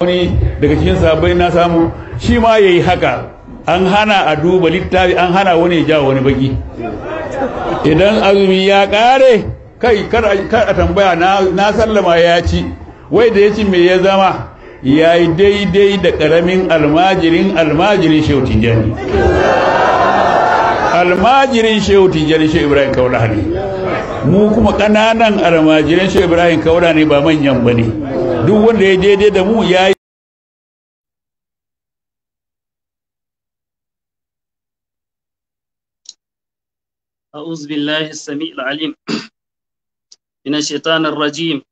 wani daga cikin sabai na samu shi ma ya haka an hana a duba littafi an hana wani ya jawo wani baki idan azumi ya kare kai kar a tambaya na sallama ya ci wai da ya ci me ya zama ya yi daidai da karamin almajirin almajirin shehu jani almajirin shehu jani shehu ibrahim kaula ne mu kuma ƙananan almajirin shehu ibrahim kaula ne ba manyan ba ne duk wanda ya daidai da mu ya أعوذ بالله السميع العليم من الشيطان الرجيم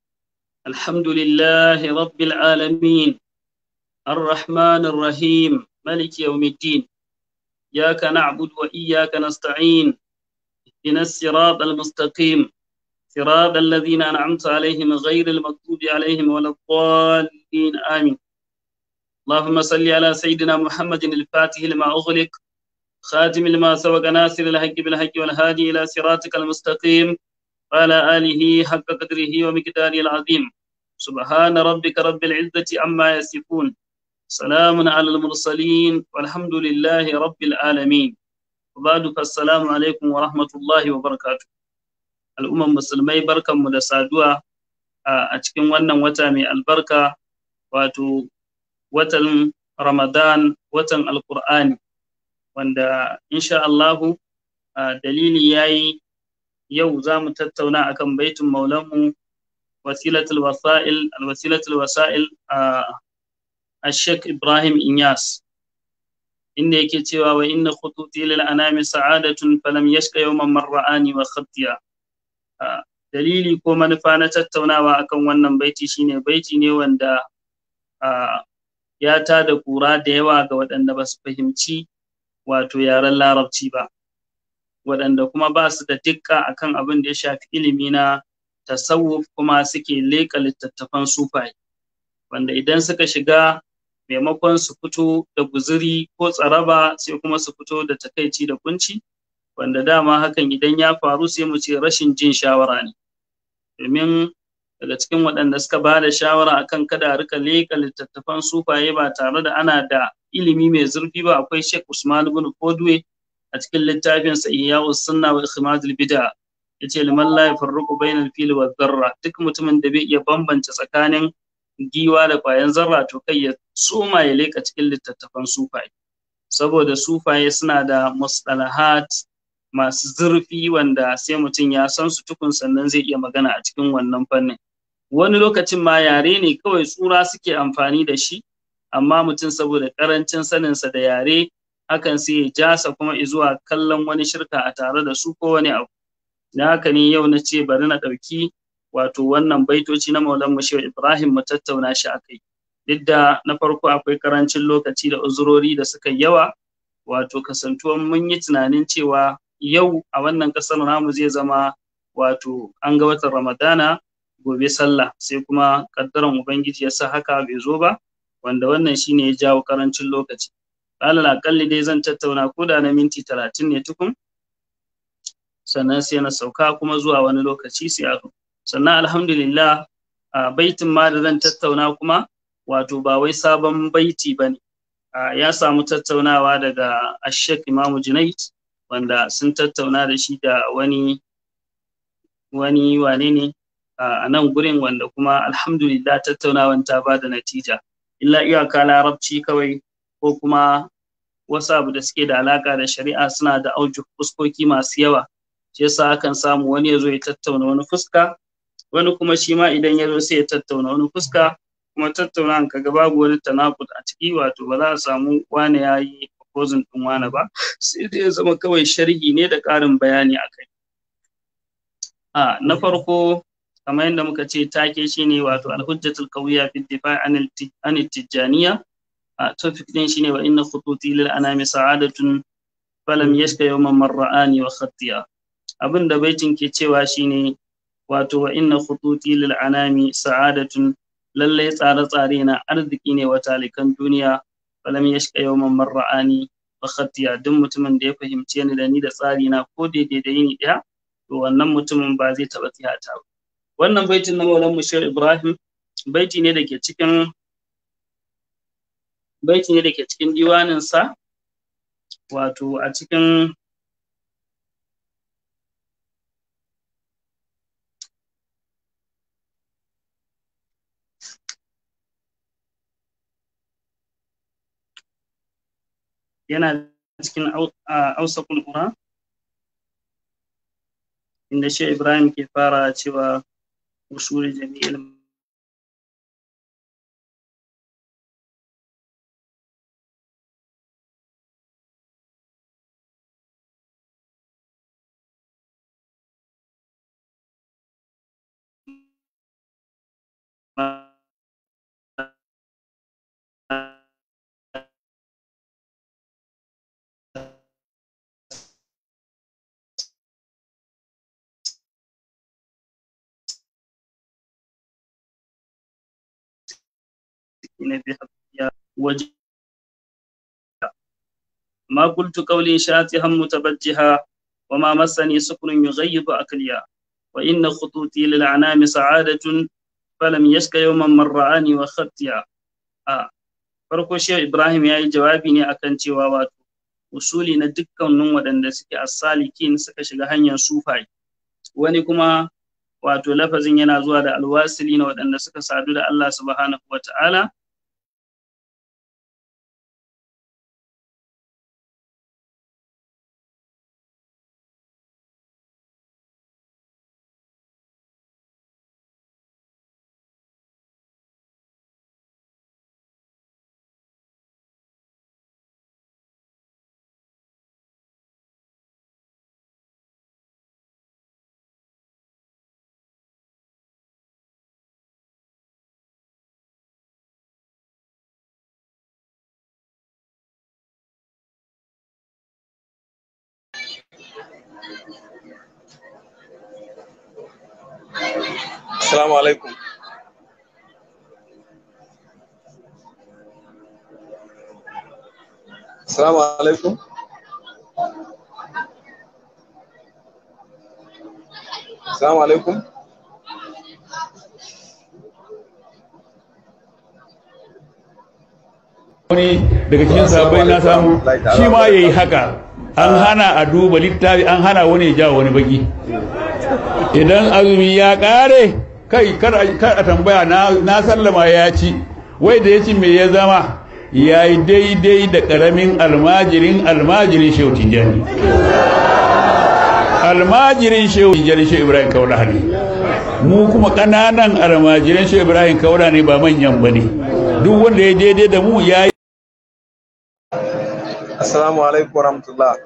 الحمد لله رب العالمين الرحمن الرحيم ملك يوم الدين إياك نعبد وإياك نستعين اهدنا الصراط المستقيم صراط الذين أنعمت عليهم غير المغضوب عليهم ولا الضالين آمين اللهم صل على سيدنا محمد الفاتح لما أغلق خاتم لما سبق ناصر الحق بالحق والهادي إلى صراطك المستقيم وعلى آله حق قدره ومقداره العظيم سبحان ربك رب العزة عما يصفون سلام على المرسلين والحمد لله رب العالمين وبعد فالسلام عليكم ورحمة الله وبركاته al'umman musulmai barkanmu da saduwa a cikin wannan wata mai albarka wato watan ramadan watan alkur'ani wanda insha Allahu dalili ya yi yau za mu tattauna akan baitin maulanmu wasilatul wasa'il alwasilatul wasa'il a sheikh ibrahim inyas inda yake cewa wa inna khututi lil anami sa'adatun falam yashka yawman marra'ani wa khatiya dalili ko manufa na tattaunawa akan wannan baiti shine baiti ne wanda ya tada kura da yawa ga waɗanda ba su fahimci wato yaren larabci ba waɗanda kuma ba su da dikka akan abin da ya shafi ilimi na tasawuf kuma suke leƙa littattafan sufaye wanda idan suka shiga maimakon su fito da guzuri ko tsaraba sai kuma su fito da takaici da kunci wanda dama hakan idan ya faru sai mu ce rashin jin shawara ne domin daga cikin waɗanda suka ba da shawara akan kada rika leƙa littattafan sufaye ba tare da ana da ilimi mai zurfi ba akwai Sheikh Usman ibn Kodwe a cikin littafinsa Iyawus Sunna wa Ikhmadul Bid'a yace liman la yafarruqu al fil wa dharra duk mutumin da bai iya bambance tsakanin giwa da kwayan zarra to kai ya tsoma ya leƙa cikin littattafan sufaye saboda sufaye suna da mustalahat masu zurfi wanda sai mutum ya san su tukun sannan zai iya magana a cikin wannan fannin wani lokacin ma yare ne kawai tsura suke amfani da shi amma mutum saboda karancin saninsa da yare hakan sai ya jasa kuma izuwa kallon wani shirka a tare da su ko wani abu da haka ne yau na ce bari na ɗauki wato wannan baitoci na maulan mu shehu ibrahim mu tattauna shi akai duk da na farko akwai karancin lokaci da uzurori da suka yawa wato kasantuwan mun yi tunanin cewa yau a wannan kasar namu zai zama wato an ga watan ramadana gobe sallah sai kuma kaddaran ubangiji ya sa haka bai zo ba wanda wannan shine ya jawo karancin lokaci alal akalli dai zan tattauna ko da na minti talatin ne tukun sannan sai na sauka kuma zuwa wani lokaci sai a sannan alhamdulillah a baitin ma da zan tattauna kuma wato ba wai sabon baiti ba ne ya samu tattaunawa daga ashek imamu junaid. wanda sun tattauna da shi da wani wani wane ne a nan gurin wanda kuma alhamdulillah tattaunawan ta ba da natija illa iyaka larabci kawai ko kuma wasu abu da suke da alaka da shari'a suna da auju fuskoki masu yawa shi yasa akan samu wani ya zo ya tattauna wani fuska wani kuma shi ma idan ya zo sai ya tattauna wani fuska kuma tattaunawan kaga babu wani tanakut a ciki wato ba za a samu wane ya yi exposing ɗin wani ba sai zai zama kawai sharhi ne da ƙarin bayani a kai na farko kamar yadda muka ce take shine wato alhujjatul kawiya fi difa' an tijjaniya a topic din shine wa inna khututi lil anami sa'adatun falam yashka yawman marra'ani wa khatiya abin da baitin ke cewa shine wato wa inna khututi lil anami sa'adatun lallai tsare-tsare na arziki ne wa talikan duniya falam ya yawman man ra'ani wa ya, duk mutumin da ya fahimci ni da ni da tsari na ko daidai da ni daya to wannan mutumin ba zai taba tsiyata ba wannan baitin na maulan mu shehu ibrahim baiti ne dake cikin baiti ne dake cikin diwanin sa wato a cikin yana cikin ausakul qura inda shi ibrahim ke fara cewa usuri jami'il المتمسكين بحقها وجه ما قلت قولي شاتها متبجها وما مسني سكن يغيب أكليا وإن خطوتي للأعنام سعادة falam yashka yawman marra'ani wa khattiya a farko shehu ibrahim ya yi jawabi ne akan cewa wato usuli na dukkanin waɗanda suke as-salikin suka shiga hanyar sufai wani kuma wato lafazin yana zuwa da alwasili na waɗanda suka sadu da Allah subhanahu wata'ala السلام alaikum. السلام alaikum. السلام alaikum. Wani daga cikin sabai na samu shi ma yayi haka. an hana a duba littafi an hana wani ya ja wani baki idan azumi ya kare kai kar a tambaya na sallama ya ci wai da ya ci me ya zama ya yi daidai da karamin almajirin almajirin shehu tijjani almajirin shehu jani shehu ibrahim kaula ne mu kuma kananan almajirin shehu ibrahim kaula ne ba manyan ba ne duk wanda ya daidai da mu ya Assalamu alaikum warahmatullah.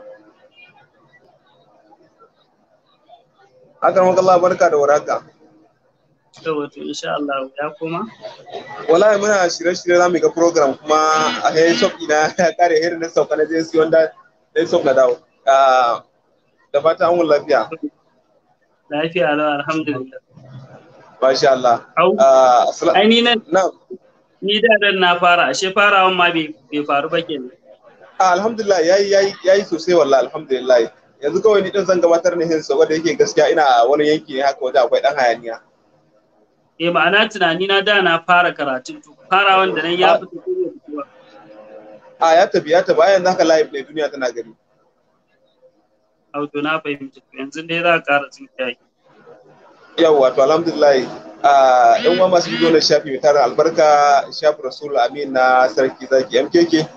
Akan maka Allah barka da waraka. Wato insha Allah ya kuma. Wallahi muna shirye-shirye zamu ga program kuma a hayin shop ina ya kare hirin na sauka na jinsi wanda dai shop na dawo. Ah, da fata an lafiya. Lafiya lau alhamdulillah. Masha Allah. Ah, ai ni nan. Ni da na fara ashe farawan ma bai faru ba kenan. alhamdulillah yayi yayi yayi sosai wallahi alhamdulillah yanzu kawai ni din zan gabatar ne hinsa wanda yake gaskiya ina wani yanki ne haka waje akwai dan hayaniya eh ma'ana tunani na da na fara karatun to fara wanda nan ya fito a ya tafi ya tafi yanzu haka live ne duniya tana gari to na fahimci yanzu dai za ka ƙara cin kai yawa to alhamdulillah yan uwa masu bidiyo shafi mai tarin albarka shafi rasul amin na sarki zaki mkk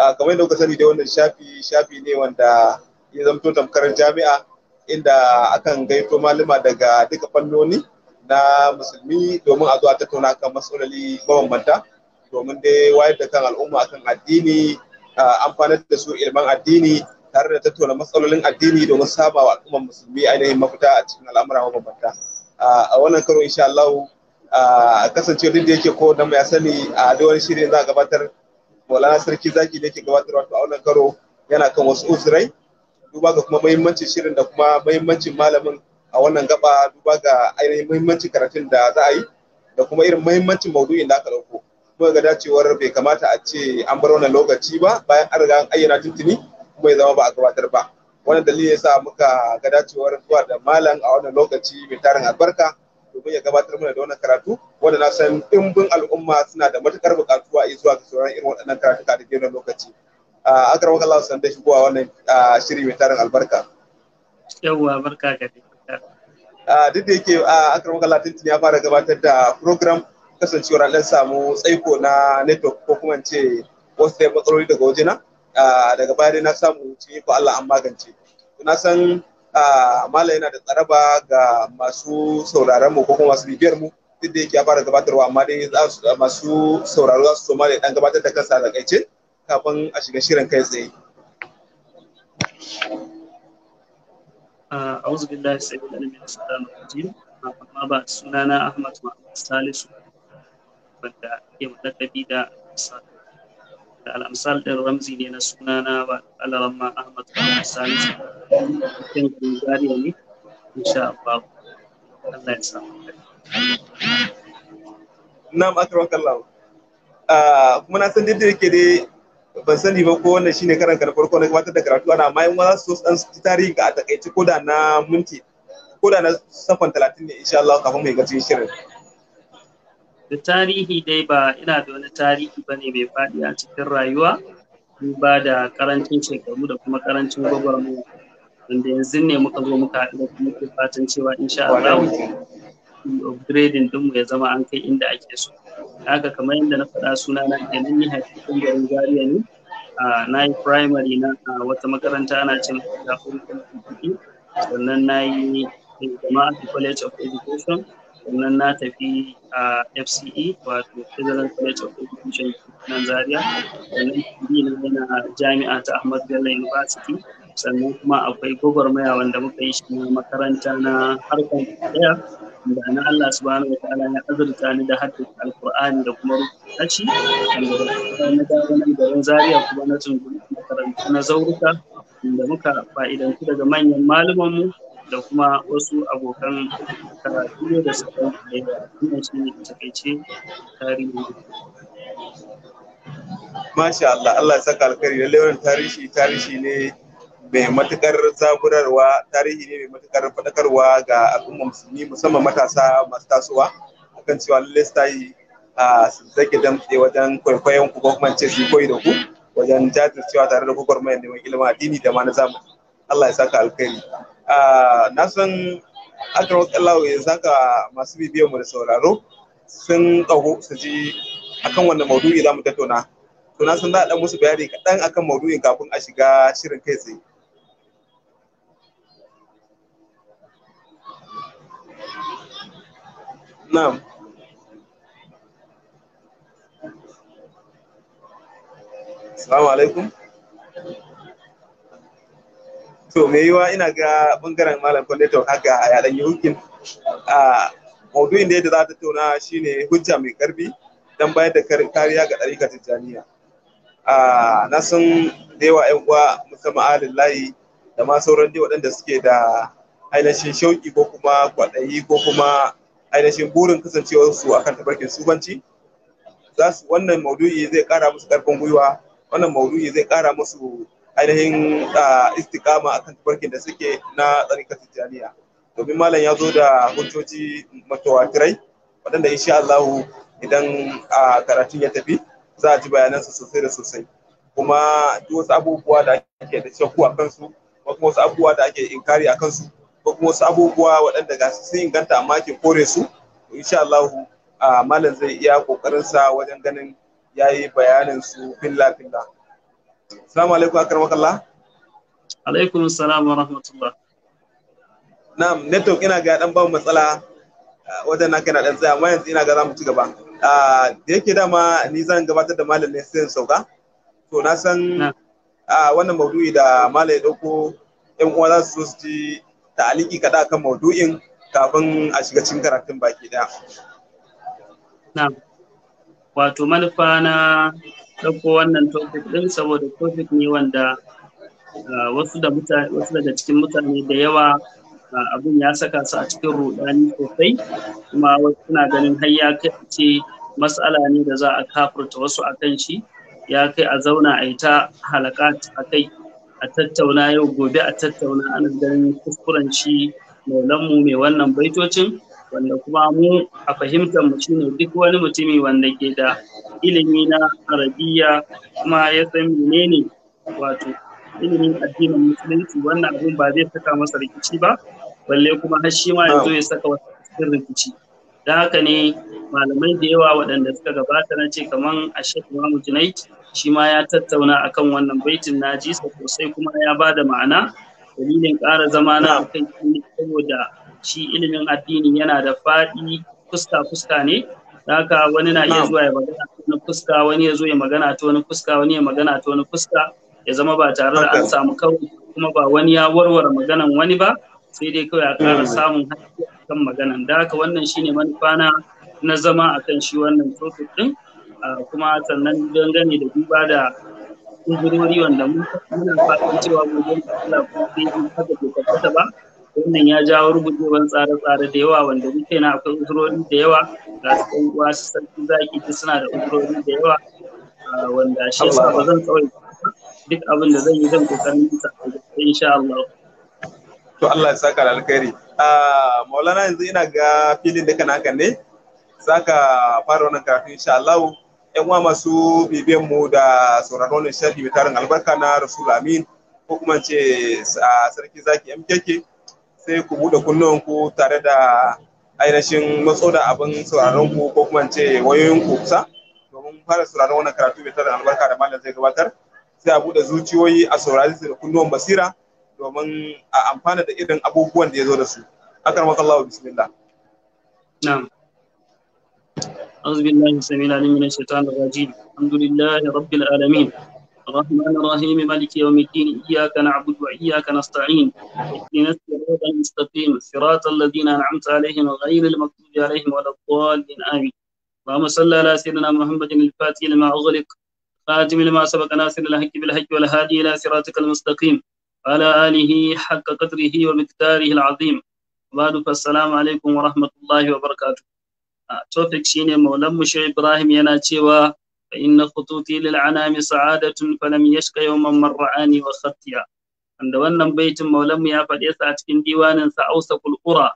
Ah, kamar yadda kuka sani da wannan shafi shafi ne wanda ya zamto tamkar jami'a inda akan gaito malama daga duka fannoni na musulmi domin a zo a tattauna kan matsaloli mabambanta domin dai wayar da kan al'umma akan addini amfanar da su ilman addini tare da tattauna matsalolin addini domin saba wa al'umman musulmi ainihin mafita a cikin al'amura mabambanta a wannan karo insha Allah kasance duk da yake ko da ya sani a duk wani shirin za a gabatar wala sarki zaki da ke gabatar wato a wannan karo yana kan wasu uzurai duba ga kuma muhimmancin shirin da kuma muhimmancin malamin a wannan gaba duba ga ainihin muhimmancin karatun da za a yi da kuma irin muhimmancin maudu'in da aka ɗauko kuma ga dacewar bai kamata a ce an bar wannan lokaci ba bayan an riga an ayyana tuntuni kuma ya zama ba a gabatar ba wannan dalilin yasa muka ga dacewar zuwa da malam a wannan lokaci mai tarin albarka domin ya gabatar mana da wannan karatu wanda na san ɗimbin al'umma suna da matukar buƙatuwa a zuwa ga sauran irin waɗannan karatu da ke lokaci. A akarar wakan Allah san da shigowa wannan shiri mai tarin albarka. Yawwa barka ga Duk da yake a akarar wakan Allah tuntun ya fara gabatar da program kasancewar an samu tsaiko na network ko kuma ce wasu da matsaloli daga wajena daga baya dai na samu ci ko Allah an magance. Na san mala yana da tsaraba ga masu sauraron mu ko kuma masu bibiyar mu duk da yake ya fara gabatarwa amma dai masu sauraro za su so mala dan gabatar da kansa a kaice kafin a shiga shirin kai tsaye أعوذ بالله السميع العليم من الشيطان الرجيم أما بعد سنانا أحمد محمد الثالث wanda ya mallaka da al'amsal ɗin ramzi ne na sunana ba alaramma ahmad sani cikin gungariya ne insha Allah Allah ya samu na'am akramakallahu kuma ah, na san daidai yake dai ban sani ba ko wannan shine karan na farko na gabatar da karatu ana amma in wani su dan su tarihi ga a takaice ko da na minti ko da na sakon talatin ne insha Allah kafin mu yi gacin shirin da tarihi dai ba ina da wani tarihi bane mai faɗi a cikin rayuwa duba da karancin shekaru da kuma karancin gwagwarmu wanda yanzu ne muka zo muka haɗu da kuma ke fatan cewa insha Allah upgrading mu ya zama an kai inda ake so haka kamar yadda na faɗa suna na nan ni haifin garin Zaria ne na yi primary na wata makaranta ana cin kuma sannan na yi jama'a college of education sannan na tafi a fce wato federal college of education nan zaria sannan e na yana jami'a ta ahmad bello university sannan kuma akwai gwagwarmaya wanda muka yi shi na makaranta na harkar daya da na Allah subhanahu wa ta'ala ya azurta ni da haddace alqur'ani da kuma rubuta shi na dawo da garin zaria kuma na tunguri makaranta na zauruka da muka fa'idantu daga manyan malumanmu. da kuma wasu abokan karatu da suka yi wannan shi ne takaice tarihi Masha Allah, Allah ya saka alkhairi lalle wannan tarihi tarihi ne mai matukar zaburarwa tarihi ne mai matukar fadakarwa ga al'umma musulmi musamman matasa masu tasowa akan cewa lalle sai a zage damtse wajen kwaikwayon ku kuma ce su koyi da ku wajen jajircewa tare da gwagwarmayar neman ilimin addini da ma na zamani Allah ya saka alkhairi Ah, na san akarar allah ya zaka masu bibiyar mu da sauraro sun kago su ji akan wannan maudu'i za mu tattauna to na san za a dan musu bayani kaɗan akan maudu'i kafin a shiga shirin kai tsaye Na'am. Assalamu alaikum. to mai yiwa ina ga bangaren malam Kwaleto haka ya dan yi hukin a maudu'in da za ta tauna shine hujja mai karfi don bayar da kariya ga ɗarika tijjaniya a na san da yan uwa musamman alin layi da ma sauran dai waɗanda suke da ainihin shauƙi ko kuma kwaɗayi ko kuma ainihin burin kasancewarsu akan tabarkin subanci za su wannan maudu'i zai ƙara musu ƙarfin gwiwa wannan maudu'i zai ƙara musu ainihin istikama akan tabarkin da suke na tsarika tijjaniya domin malam ya zo da hujjoji matawatirai waɗanda insha Allah idan karatun ya tafi za a ji bayanansu sosai da sosai kuma duk wasu abubuwa da ake da shakku a kansu ko kuma wasu abubuwa da ake inkari a kansu ko kuma wasu abubuwa waɗanda ga su sun inganta amma ke kore su insha Allah malam zai iya kokarin sa wajen ganin yayi bayanin su filla filla Assalamu alaikum akarwa kallah. Alaikum salam wa rahmatullah. Na'am, network ina ga dan ba matsala wajen na dan tsaya amma yanzu ina ga zamu ci gaba. Da yake dama ni zan gabatar da malam ne sai sauka. To na san wannan maudu'i da malam ya dauko yan uwa za su so su ji ta'aliki kada kan maudu'in kafin a shiga cikin karatun baki daya. Na'am. Wato manufa na ɗauko wannan topic ɗin saboda topic ne wanda ah, wasu daga cikin mutane da yawa ah, abin ya saka su a cikin rudani sosai kuma wasu suna ganin har ya ce matsala ne da za a kafurta wasu a kan shi ya kai a zauna a yi ta halakat a kai a tattauna yau gobe a tattauna ana ganin kuskuren shi mu mai wannan baitocin wanda kuma mu a fahimtar mu shine duk wani mutumi wanda ke da ilimi na arabiya kuma ya san menene wato ilimin addinin musulunci wannan abin ba zai saka masa rikici ba balle kuma har shi ma yanzu ya saka wasu cikin rikici da haka ne malamai da yawa waɗanda suka gabata na ce kaman a Imamu Junai shi ma ya tattauna akan wannan baitin na ji sosai kuma ya ba da ma'ana dalilin ƙara zama na akan saboda shi ilimin addini yana da faɗi fuska-fuska ne haka wani na iya zuwa ya magana ta wani fuska wani ya zo ya magana ta wani fuska wani ya magana ta wani fuska ya zama ba tare da an samu kawai kuma ba wani ya warware maganan wani ba sai dai kawai a ƙara hmm. samun haƙƙi kan maganan da haka wannan shine manufa na na zama akan shi wannan topic din kuma sannan dangane da duba da kungurori wanda muna fatan cewa gobe Allah ko bai haka ba wannan ya jawo rugujewan tsare-tsare da yawa wanda muke na akwai uzurori da yawa ga su ɗan uwa su sarki zaki duk suna da uzurori da yawa ah, wanda shi yasa ba zan tsawai duk abin da zan yi zan kokarin sa insha Allah to Allah ya saka da alkhairi ah maulana yanzu ina ga filin da kana kan ne saka fara wannan kafin insha Allah yan uwa masu bibiyan mu da sauraron wannan sharhi mai tarin albarka na Rasul Amin ko kuma ce ah, sarki zaki MKK sai ku buɗe kunnuwanku tare da ainihin matso da abin sauraron ku ko kuma ce wayoyin ku kusa domin fara sauraron wannan karatu mai tare albarka da malam zai gabatar sai a buɗe zuciyoyi a saurari su da kunnuwan basira domin a amfana da irin abubuwan da ya zo da su akan Allah bismillah na'am أعوذ بالله السميع العليم من الشيطان الرجيم الحمد لله رب العالمين الرحمن الرحيم مالك يوم الدين إياك نعبد وإياك نستعين اهدنا الصراط المستقيم صراط الذين أنعمت عليهم غير المغضوب عليهم ولا الضالين آمين اللهم صل على سيدنا محمد الفاتح لما أغلق خاتم لما سبق ناصر الحق بالحق والهادي إلى صراطك المستقيم وعلى آله حق قدره ومقداره العظيم وبعد فالسلام عليكم ورحمة الله وبركاته topic shine maulan mu Ibrahim yana cewa فإن خطوطي للعنام سعادة فلم يشك يوما من رآني وخطيا wanda wannan baitin maulamu ya faɗe sa a cikin sa ausa kulkura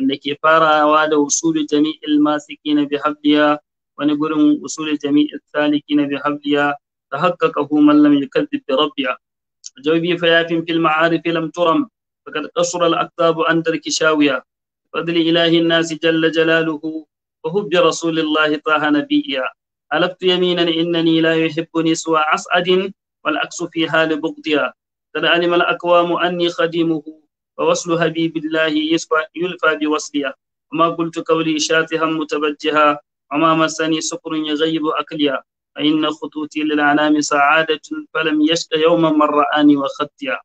wanda ke farawa da usulu jami'il masikina bi habliya wani gurin usulu jami'il salikina bi habliya ta haƙƙaƙa hu mallam yukazzib bi rabbiya jawbi fa ya fin fil ma'arif lam turam faqad qasura al aqtabu an tarki shawiya fadli ilahi nasi jalla jalaluhu wa hubbi rasulillahi taha nabiyya حلفت يمينا إنني لا يحبني سوى عصعد والعكس في حال بغضها قد علم الأقوام أني خديمه ووصل حبيب الله يلفى بوصلها وما قلت قولي شاتها متبجها وما مسني سكر يغيب أكلها فإن خطوتي للأنام سعادة فلم يشك يوما من رآني وخطيا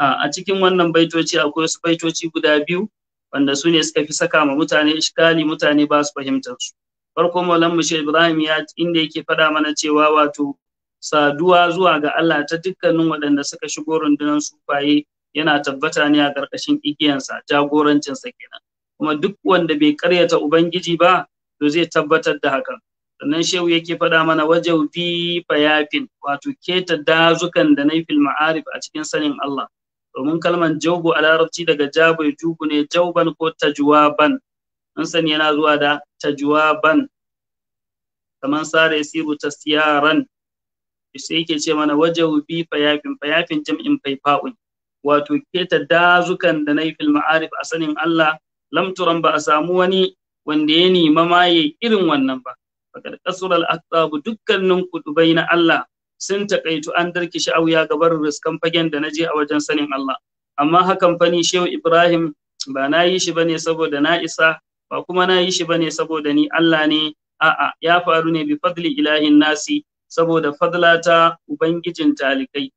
a cikin wannan baitoci akwai wasu baitoci guda biyu wanda su ne suka fi saka ma mutane iskali mutane ba su fahimtar su farko Malam shi ibrahim ya inda yake faɗa mana cewa wato saduwa zuwa ga Allah ta dukkanin waɗanda suka shigo rundunar sufaye yana tabbata ne a ƙarƙashin igiyansa jagorancinsa kenan kuma duk wanda bai karyata ubangiji ba to zai tabbatar da hakan sannan shehu yake faɗa mana wajen bi fayafin wato keta dazukan da na fil ma'arif a cikin sanin Allah domin kalman jaubu a larabci daga jabu jugu ne jauban ko tajwaban sani yana zuwa da tajwaban kaman sara yasibu tasyaran sai yake ce mana wajen bi fayafin fayafin jam'in faifa'un wato keta dazukan da na yi fil ma'arif a sanin Allah lamturan ba a samu wani wanda ya nima ma irin wannan ba fakar kasural aktabu dukkanin kutubai na Allah sun takaitu an darki sha'awiya gabar riskan fagen da na je a wajen sanin Allah amma hakan fani shehu Ibrahim ba na yi shi bane saboda na isa ba kuma na yi shi bane saboda ni Allah ne a'a ya faru ne bi fadli ilahin nasi saboda fadla ta ubangijin talikai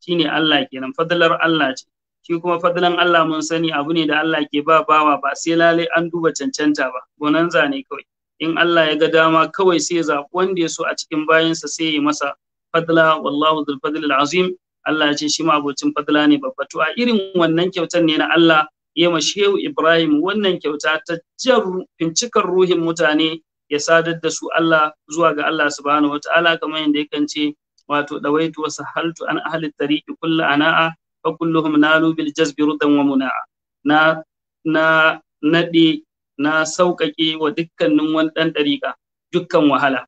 shine Allah kenan fadlar Allah ce shi kuma fadlan Allah mun sani abu ne da Allah ke ba bawa ba sai lalai an duba cancanta ba gonan zane kawai in Allah ya ga dama kawai sai ya zaɓi wanda ya so a cikin bayansa sai ya masa fadla wallahu dhul fadli azim Allah ya ce shi ma abocin fadla ne babba to a irin wannan kyautan ne na Allah ya ma shehu Ibrahim wannan kyauta ta jan fincikar ruhin mutane ya sadar da su Allah zuwa ga Allah subhanahu wataala kamar yadda yakan ce wato dawaitu wa sahaltu an ahli tariqi kullu ana'a fa kulluhum nalu bil jazbi rudan wa muna'a na na nade na sauƙaƙe wa dukkanin wani dariqa dukkan wahala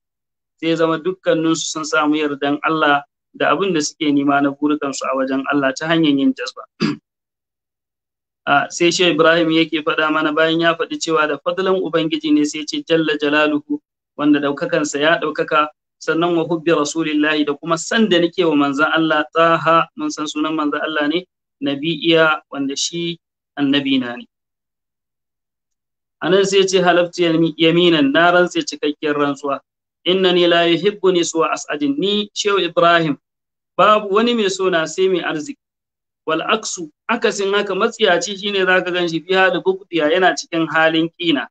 sai zama dukkanin su sun samu yardan Allah da abin da suke nema na burukansu a wajen Allah ta hanyar yin jazba sai shi Ibrahim yake faɗa mana bayan ya faɗi cewa da fadlan ubangiji ne sai ce jalla jalaluhu wanda daukakansa ya daukaka sannan wa hubbi rasulillahi da kuma san da nake wa manzan Allah taha mun san sunan manzan Allah ne nabi'iya wanda shi annabi na ne anan sai ce halaftu yaminan na rantse cikakkiyar rantsuwa innani la yuhibbuni su as'adin ni shehu Ibrahim babu wani mai so na sai mai arziki wal aksu akasin haka matsiyaci shine zaka ganshi fi hali bukdiya yana cikin halin kina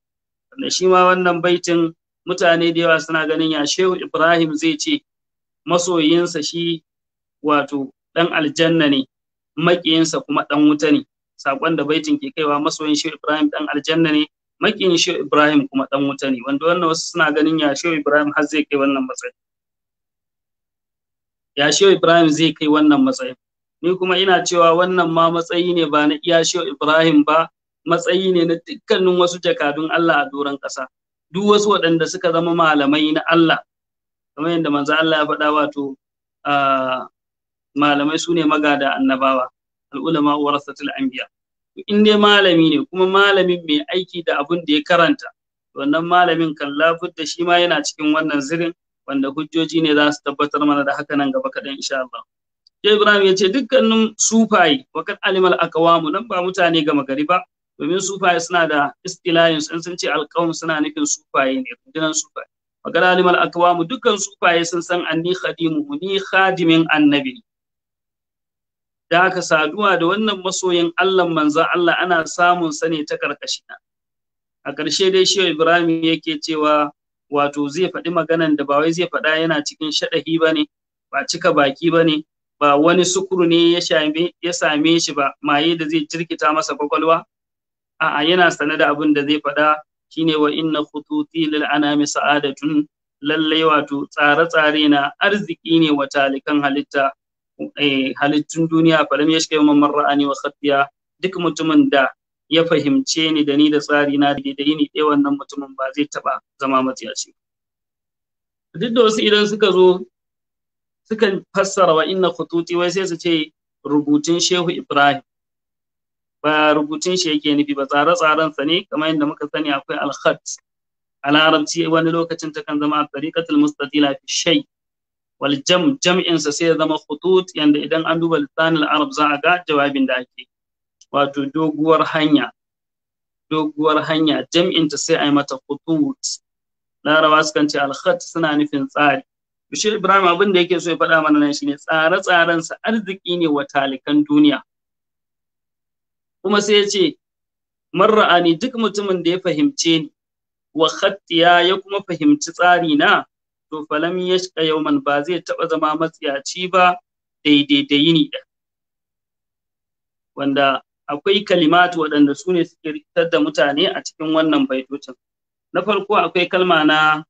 sannan shi ma wannan baitin mutane da yawa suna ganin ya shehu ibrahim zai ce masoyinsa shi wato dan aljanna ne makiyinsa kuma dan wuta ne sakon da baitin ke kaiwa masoyin shehu ibrahim dan aljanna ne makiyin shehu ibrahim kuma dan wuta ne wanda wannan wasu suna ganin ya shehu ibrahim har zai kai wannan matsayi ya shehu ibrahim zai kai wannan matsayin ni kuma ina cewa wannan ma matsayi ne ba na iya ibrahim ba matsayi ne na dukkanin wasu jakadun Allah a doron ƙasa duk wasu waɗanda suka zama malamai na Allah kamar yadda manzo Allah ya faɗa wato malamai su ne magada annabawa al'ulama warasatul anbiya in dai malami ne kuma malamin mai aiki da abin da ya karanta wannan malamin kan da shi ma yana cikin wannan zirin wanda hujjoji ne za su tabbatar mana da haka nan gaba kaɗan insha Allah Ibrahim ya ce dukkanin sufaye kad alimal akawamu nan ba mutane gama gari ba domin sufaye suna da istilayin sun sun ce alƙawm suna nufin sufaye ne rundunar sufaye kad alimal akawamu dukkan sufaye sun san anni khadimu ni khadimin annabi da aka saduwa da wannan masoyin Allah manzo Allah ana samun sani ta karkashin a ƙarshe dai shi Ibrahim yake cewa wato zai faɗi maganan da ba wai zai faɗa yana cikin shaɗahi ba ne ba cika baki ba ne ba wani sukuru ne ya same shi ba maye da zai jirkita masa kwakwalwa a'a yana sane da abin da zai faɗa shine wa inna khututi lil anami sa'adatun lallai wato tsare-tsare na arziki ne wa talikan halitta eh, halittun duniya falam ya shiga yawan wa khatiya duk mutumin da ya fahimce ni da ni da tsari na da dai ni ɗaya eh, wannan mutumin ba zai taba zama matsiyaci duk da wasu idan suka zo sukan fassara wa inna khututi wai sai su ce rubutun shehu ibrahim ba rubutun shi yake nufi ba tsare-tsaren sa ne kamar yadda muka sani akwai alkhat a larabci wani lokacin takan zama a tariqatul mustatila fi shay wal jam jam'in sa sai ya zama khutut yanda idan an duba lisanul arab za a ga jawabin da ake wato doguwar hanya doguwar hanya jam'in ta sai a yi mata khutut larabawa sukan ce alkhat suna nufin tsari Bishir Ibrahim abin da yake so ya faɗa mana nan shine tsare tsaren sa arziki ne wa talikan duniya. Kuma sai ya ce, marra'ani duk mutumin da ya fahimce ni, wa khattiya ya kuma fahimci tsari na, to falam ya shiga yauman ba zai taba zama matsiyaci ba daidai da yini da? Wanda akwai kalimatu waɗanda su ne suke rikitar da mutane a cikin wannan baitocin. Na farko akwai kalma na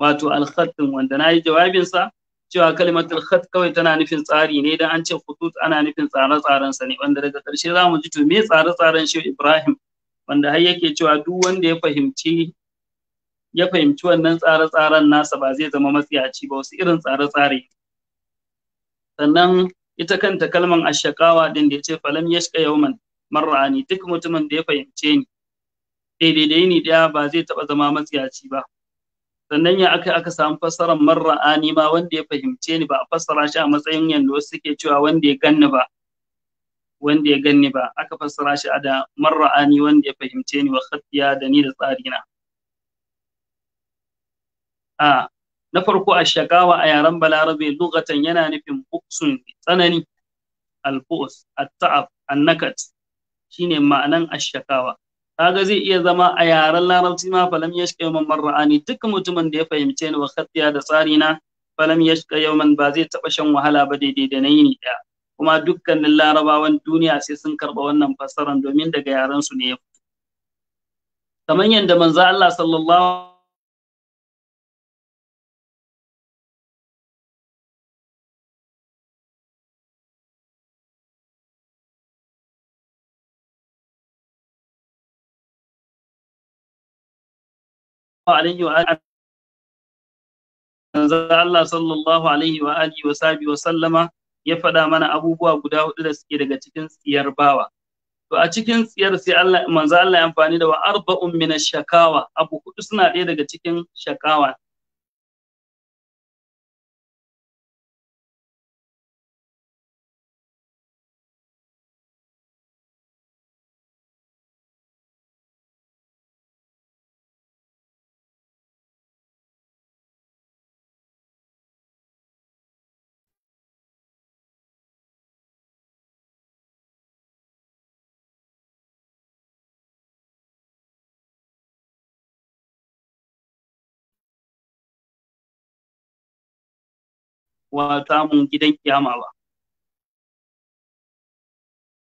wato alkhatin wanda na yi jawabin sa cewa kalimatul alkhat kawai tana nufin tsari ne dan an ce khutut ana nufin tsare-tsaren sa ne wanda daga ƙarshe za mu ji to me tsare-tsaren shi Ibrahim wanda har yake cewa duk wanda ya fahimci ya fahimci wannan tsare-tsaren nasa ba zai zama matsiyaci ba wasu irin tsare-tsare sannan ita kanta kalman ashakawa din da ya ce falam yashqa yawman marrani duk mutumin da ya fahimce ni daidai ni daya ba zai taba zama matsiyaci ba sannan ya aka aka samu fassarar marra ma wanda ya fahimce ni ba a fassara shi a matsayin yadda wasu suke cewa wanda ya ganni ba wanda ya ganni ba aka fassara shi a da marra ani wanda ya fahimce ni wa khatiya da ni da tsarina a na farko a a yaren balarabe lugatan yana nufin buksun tsanani al bus at-ta'ab an-nakat shine ma'anan ashakawa kaga zai iya zama a yaren larabci ma falam yashka yawman marra'ani duk mutumin da ya fahimce ni wa khatiya da tsari na falam yashka yawman ba zai taba shan wahala ba daidai da nayi ni daya kuma dukkanin larabawan duniya sai sun karba wannan fassaran domin daga yaren su ne ya kamar yadda manzo Allah sallallahu alaihi wa alihi Allah sallallahu alaihi wa alihi wa sabi wa sallama ya faɗa mana abubuwa guda hudu da suke daga cikin tsiyar bawa to a cikin tsiyar sai Allah manzo Allah ya amfani da wa arba'un min shakawa abu hudu suna ɗaya daga cikin shakawa wa samun gidan kiyama ba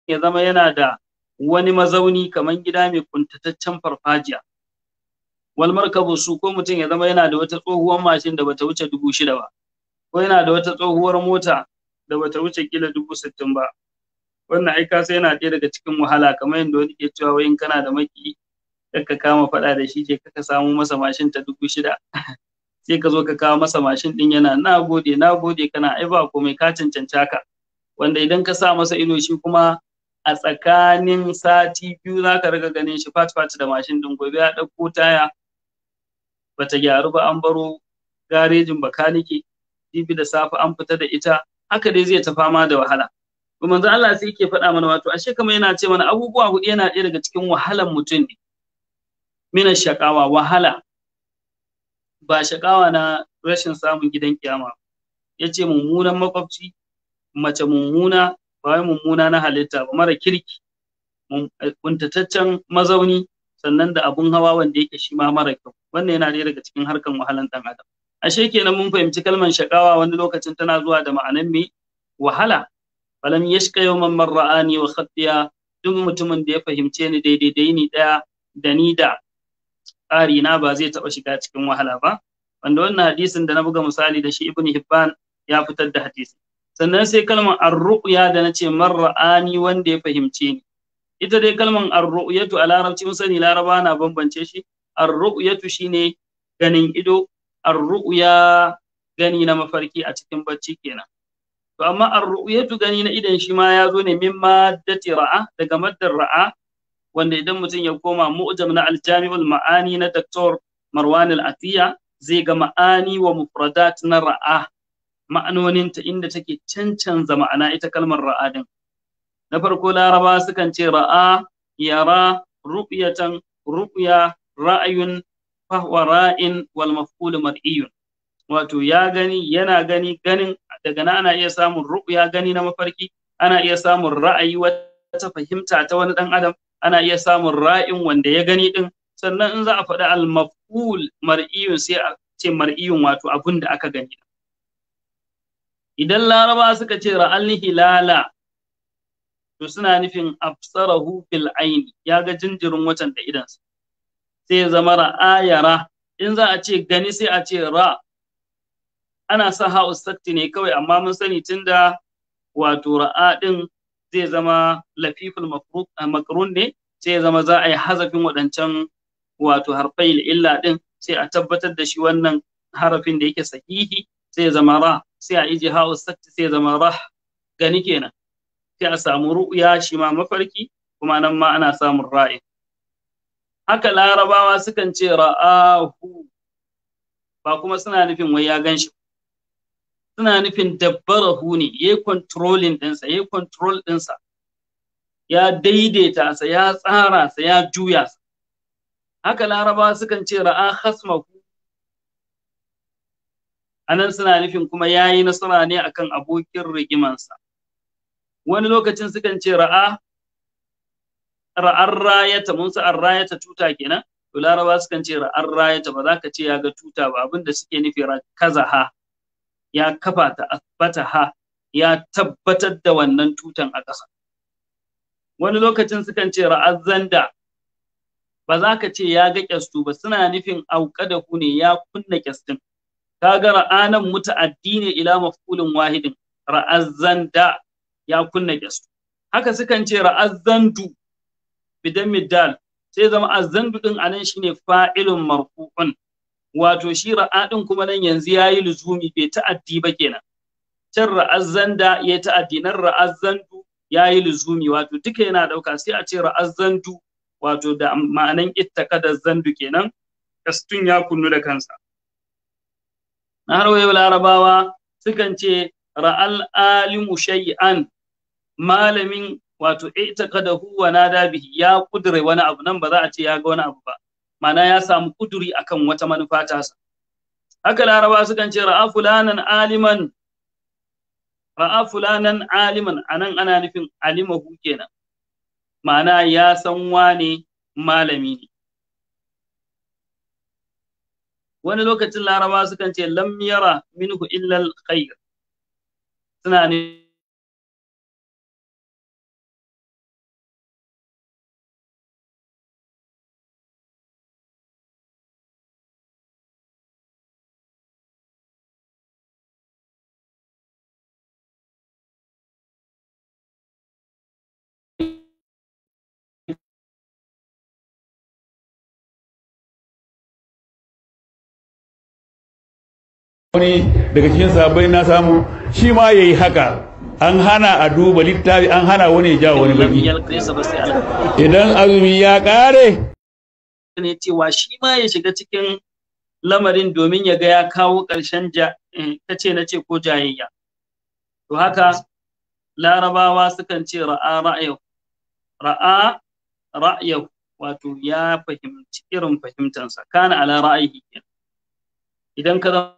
ya zama yana da wani mazauni kamar gida mai kuntataccen farfajiya wal markabu su ko mutum ya zama yana da wata tsohuwar mashin da bata wuce dubu shida ba ko yana da wata tsohuwar mota da bata wuce kila dubu sittin ba wannan ai kasa yana ɗaya daga cikin wahala kamar yadda wani ke cewa in kana da maki ka kama faɗa da shi je ka samu masa mashin ta dubu shida sai ka zo ka kawo masa mashin din yana na gode na gode kana ai ba komai ka cancanta ka wanda idan ka sa masa ido shi kuma a tsakanin sati biyu za ka riga ganin shi fat fat da mashin din gobe ya ɗauko taya bata gyaru ba an baro garejin bakanike jibi da safe an fita da ita haka dai zai ta fama da wahala kuma manzo Allah sai yake faɗa mana wato ashe kamar yana ce mana abubuwa hudu yana ɗaya daga cikin wahalan mutum ne mina shakawa wahala ba shakawa na rashin samun gidan kiyama ya ce mummunan makwabci mace mummuna ba wai mummuna na halitta ba mara kirki eh, kuntataccen mazauni sannan da abun hawa wanda yake shi ma mara kyau wannan yana ɗaya daga cikin harkan wahalan ɗan adam ashe kenan mun fahimci kalmar shakawa wani lokacin tana zuwa da ma'anan me wahala falam yashqa yawman marra'ani wa khatiya duk mutumin da ya fahimce ni daidai da ni daya da ni da ƙari na ba zai taɓa shiga cikin wahala ba wanda wannan hadisin da na buga misali da shi ibn hibban ya fitar da hadisi sannan sai kalmar arruqya da na ce marra'ani wanda ya fahimce ni ita dai kalmar arruyatu a larabci mun sani laraba na bambance shi arru'yatu shine ganin ido arruqya gani na mafarki a cikin bacci kenan to amma arruqyatu gani na idan shi ma ya zo ne min maddati ra'a daga maddar ra'a wanda idan mutum ya koma mu'jam na aljami'ul ma'ani na Dr. Marwan al-Atiya zai ga ma'ani wa mufradat na ra'a ma'anoninta inda take cancanza ma'ana ita kalmar ra'a din na farko laraba sukan ce ra'a yara ruqyatan ruqya ra'ayun fahwa ra'in wal maf'ul mar'iyun wato ya gani yana gani ganin daga nan ana iya samun ruya gani na mafarki ana iya samun ra'ayi wata fahimta ta wani dan adam ana iya samun ra'in wanda ya gani din sannan in za a faɗi al-maf'ul mar'iyun sai a ce mar'iyun wato abin da aka gani idan laraba suka ce ra'al hilala to suna nufin absarahu fil aini ya ga jinjirin watan da idansa sai zama ra'ayara in za a ce gani sai a ce ra ana sa ha ustati ne kawai amma mun sani tunda wato ra'a din zai zama lafiful eh, makrun ne sai ya zama za a yi hazafin waɗancan wato harfai illa ɗin sai a tabbatar da shi wannan harafin da yake sahihi sai ya zama ra sai a iji ha'u satti sai ya zama ra gani kenan sai a samu ru'ya shi ma mafarki kuma nan ma ana samun ra'in haka larabawa sukan ce ra'ahu ba kuma suna nufin wai ya ganshi shi suna nufin dabbarahu ne ya yi controlling ɗinsa ya yi control ɗinsa ya daidaita sa ya tsara sa ya juya sa haka laraba sukan ce ra'a khasmahu anan suna nufin kuma ya yi nasara ne akan abokin rigimansa wani lokacin sukan ce ra'a ra'ar rayata mun sa an rayata tuta kenan to laraba sukan ce ra'ar rayata ba za ka ce ya ga tuta ba abinda suke nufi ha? ya kafa ta Ha ya tabbatar da wannan tutan a ƙasa wani lokacin sukan ce da ba za ka ce ya ga kyastu ba suna nufin ku ne ya kunna kyastin ga ra'anan muta'addi ne ila maf'ulin wahidin da ya kunna kyastu haka sukan ce ra'azandu bidan middal sai zama azandu din anan shine fa'ilun marfu'un wato shi ra'a din kuma nan yanzu yayi luzumi bai ta'addi ba kenan can da ya ta'addi nan ya yayi luzumi wato duka yana ɗauka sai a ce ra'azzandu wato da ma'anan da zandu kenan kastun ya kunnu da kansa na har wayo larabawa sukan ce ra'al alimu shay'an malamin wato ita kada huwa na dabihi ya kudure wani abu nan ba za a ce ya ga wani abu ba Ma'ana ya samu kuduri akan wata manufa sa. haka laraba sukan ce ra'a fulanan aliman ra'a fulanan aliman anan ana nufin alimahu kenan ma'ana ya san wane malami ne wani lokacin laraba sukan ce lam yara minhu illa alkhair suna ne wani daga cikin sabai na samu shi ma yayi haka an hana a duba littafi an hana wani ya jawo wani baki idan azumi ya kare ne cewa shi ma ya shiga cikin lamarin domin ya ga ya kawo ƙarshen eh, ta ce na ce ko jayayya to haka larabawa sukan ce ra'a ra'ayau ra'a ra'ayau wato ya fahimci irin fahimtansa kana ala ra'ayi idan ka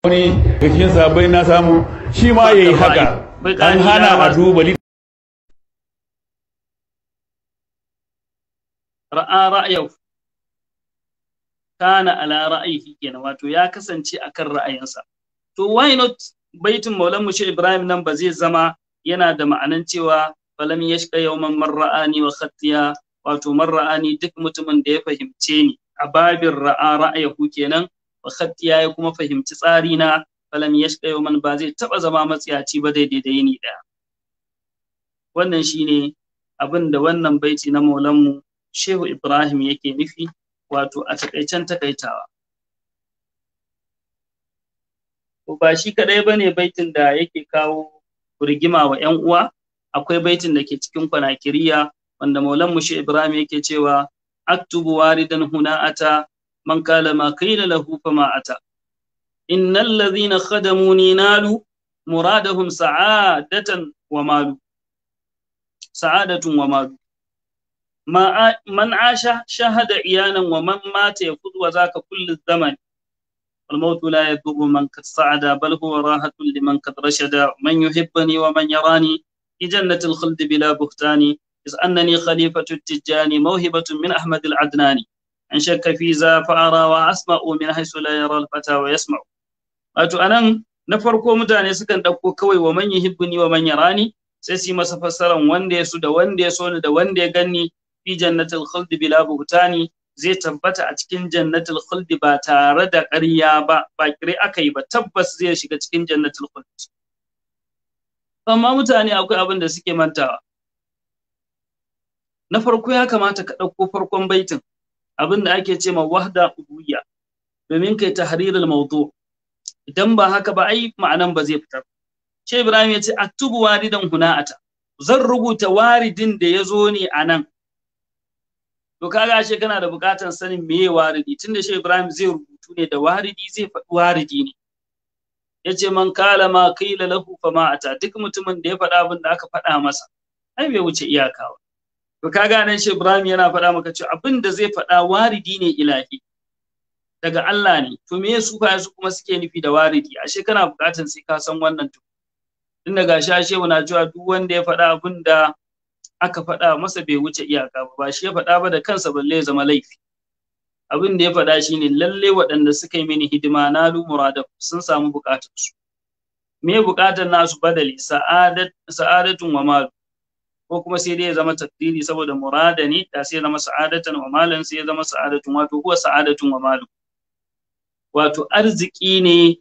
wani gashin sabai na samu shi ma ya yi haka an hana a duba ra'a ra'ayau kana ala ra'ayi hikina wato ya kasance akan ra'ayinsa to why not baitin maulan mushe ibrahim nan ba zai zama yana da ma'anan cewa falam yashqa yawman marra'ani wa khatiya wato marra'ani duk mutumin da ya fahimce ni a babin ra'a ra'ayahu kenan wa khatti ya kuma fahimci tsari na falam yashqa yawman ba zai taba zama matsiyaci ba zai daidai ni daya wannan shine abin da wannan baiti na maulanmu shehu ibrahim yake nufi wato a takaicen takaitawa ba shi kadai bane baitin da yake kawo rigima wa yan uwa akwai baitin da ke cikin kwanakiriya wanda maulanmu shehu ibrahim yake cewa aktubu waridan huna من قال ما قيل له فما أتى إن الذين خدموني نالوا مرادهم سعادة ومال سعادة ومال ما من عاش شهد عيانا ومن مات يخذ وذاك كل الزمن الموت لا يذوب من قد صعد بل هو راحة لمن قد رشد من يحبني ومن يراني في جنة الخلد بلا بهتان إذ أنني خليفة التجاني موهبة من أحمد العدناني an shakka fi za fa'ara wa asma'u min haisu la yara al-fata wa yasma'u wato anan na farko mutane sukan ɗauko kawai wa manyan yuhibbuni wa manyan rani, sai su yi masa fassaran wanda ya su da wanda ya so ni da wanda ya ganni fi jannatul khuldi bila buhtani zai tabbata a cikin jannatul khuldi ba tare da ƙarya ba ba kire aka yi ba tabbas zai shiga cikin jannatul khuldi amma mutane akwai abin da suke mantawa na farko ya kamata ka ɗauko farkon baitin abin da ake ce ma wahda ubudiyya domin kai tahrirul mawdu idan ba haka ba ai ma'anan ba zai fitar ce Ibrahim ya ce waridan huna'ata zan rubuta waridin da ya zo ne a nan to kaga ashe kana da bukatan sanin meye waridi tunda shi Ibrahim zai rubutu ne da waridi zai faɗi waridi ne yace man kala ma qila lahu fama ata duk mutumin da ya faɗa abin da aka faɗa masa ai bai wuce iyakawa. to kaga nan shi Ibrahim yana faɗa maka cewa abin da zai faɗa waridi ne ilahi daga Allah ne to me su fa su kuma suke nufi da waridi ashe kana buƙatar sai ka san wannan to tun daga shi ashe na cewa duk wanda ya faɗa abin da aka faɗa masa bai wuce iyaka ba ba shi ya faɗa ba da kansa balle ya zama laifi abin da ya faɗa shine lalle waɗanda suka yi mini hidima na lu murada sun samu buƙatar su me buƙatar nasu badali sa'adatun wa malu ko kuma sai dai ya zama tafdili saboda murada ne da sai ya zama sa'adatan wa malan sai ya zama sa'adatun wato huwa sa'adatun wa malu wato arziki ne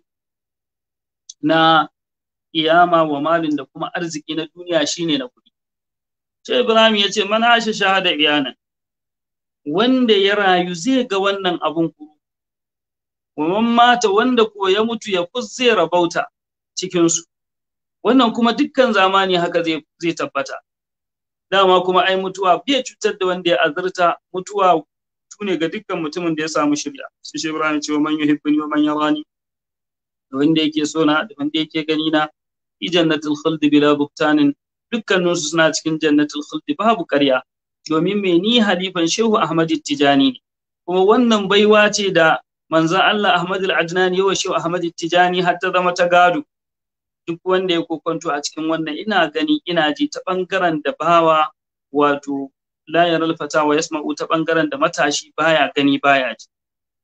na iyama wa malin da kuma arziki na duniya shine na kuɗi sai ibrahim ya ce man asha shahada iyanan wanda ya rayu zai ga wannan abun kuru Wannan mata wanda ko ya mutu ya kus zai rabauta cikinsu wannan kuma dukkan zamani haka zai tabbata dama kuma ai mutuwa bai cutar da wanda ya azurta mutuwa tune ga dukkan mutumin da ya samu shirya shi shi ibrahim ce wa man yuhibbuni wa man yarani wanda yake so na da wanda yake gani na fi jannatul khuldi bila buktanin dukkanin su suna cikin jannatul khuldi babu ƙarya domin me ni halifan shehu ahmad tijani ne kuma wannan baiwa ce da manzon Allah Ahmad al-Ajnani yawa shehu Ahmad tijani har ta zama ta gado duk wanda ya kokonto a cikin wannan ina gani ina ji ta bangaren da bawa wato la yaral wa yasma'u ta bangaren da matashi baya gani baya ji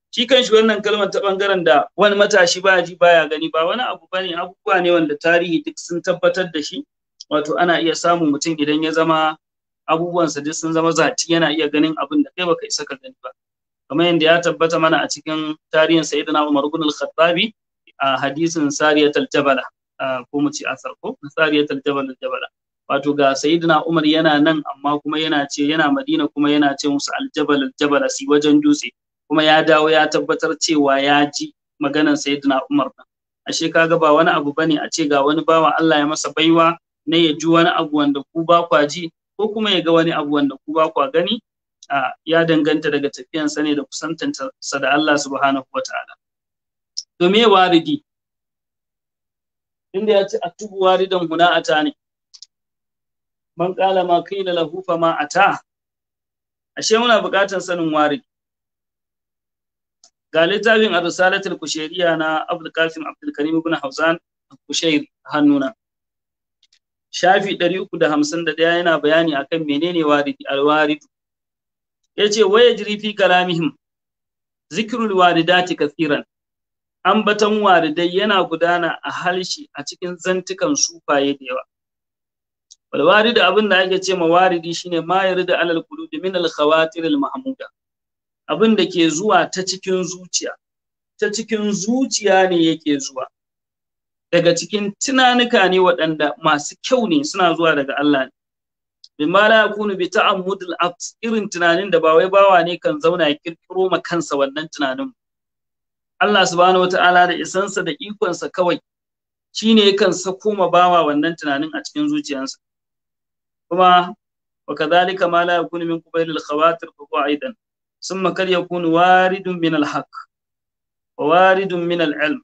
shi kan shi wannan kalmar ta bangaren da wani matashi baya ji baya gani ba wani abu bane abubuwa ne wanda tarihi duk sun tabbatar da shi wato ana iya samun mutum idan ya zama abubuwansa duk sun zama zati yana iya ganin abin da kai baka isa ka gani ba kamar yadda ya tabbata mana a cikin tarihin sayyidina Umar ibn al-Khattabi a hadisin Sariyatul Jabala ko mu ce asar ko nasariyatul jabal jabala wato ga sayyidina Umar yana nan amma kuma yana ce yana Madina kuma yana ce musu aljabal jabala si wajen dutse kuma ya dawo ya tabbatar cewa ya ji maganar sayyidina Umar nan ashe kaga ba wani abu bane a ce ga wani bawa Allah ya masa baiwa na ya ji wani abu wanda ku ba kwa ji ko kuma ya ga wani abu wanda ku ba kwa gani a ya danganta daga tafiyansa ne da kusantansa da Allah subhanahu wataala to me waridi inda ya ce atubu waridan huna ata ne man qala ma qila lahu fa ma ata ashe muna buƙatar sanin wari ga littafin arsalatul kushairiya na abdul qasim abdul karim ibn hausan kushair hannuna shafi 351 yana bayani akan menene waridi alwarid yace waya jiri fi kalamihim zikrul waridati kathiran ambaton waridai yana gudana a halshi a cikin zantukan sufaye da yawa wal da abin da ake ce ma waridi shine ma yarda alal qulubi min al khawatir al mahmuda abin da ke zuwa ta cikin zuciya ta cikin zuciya ne yake zuwa daga cikin tunanuka ne waɗanda masu kyau ne suna zuwa daga Allah ne ma la yakunu bi ta'ammudil irin tunanin da ba wai bawa ne kan zauna ya kirkiro ma kansa wannan tunanin Allah subhanahu wata'ala da isansa da ikonsa kawai shi ne yakan sako ma bawa wannan tunanin a cikin zuciyarsa kuma wa kadhalika ma la yakunu min qabil al khawatir fa huwa aidan summa kal yakunu waridun min al haqq wa waridun min al ilm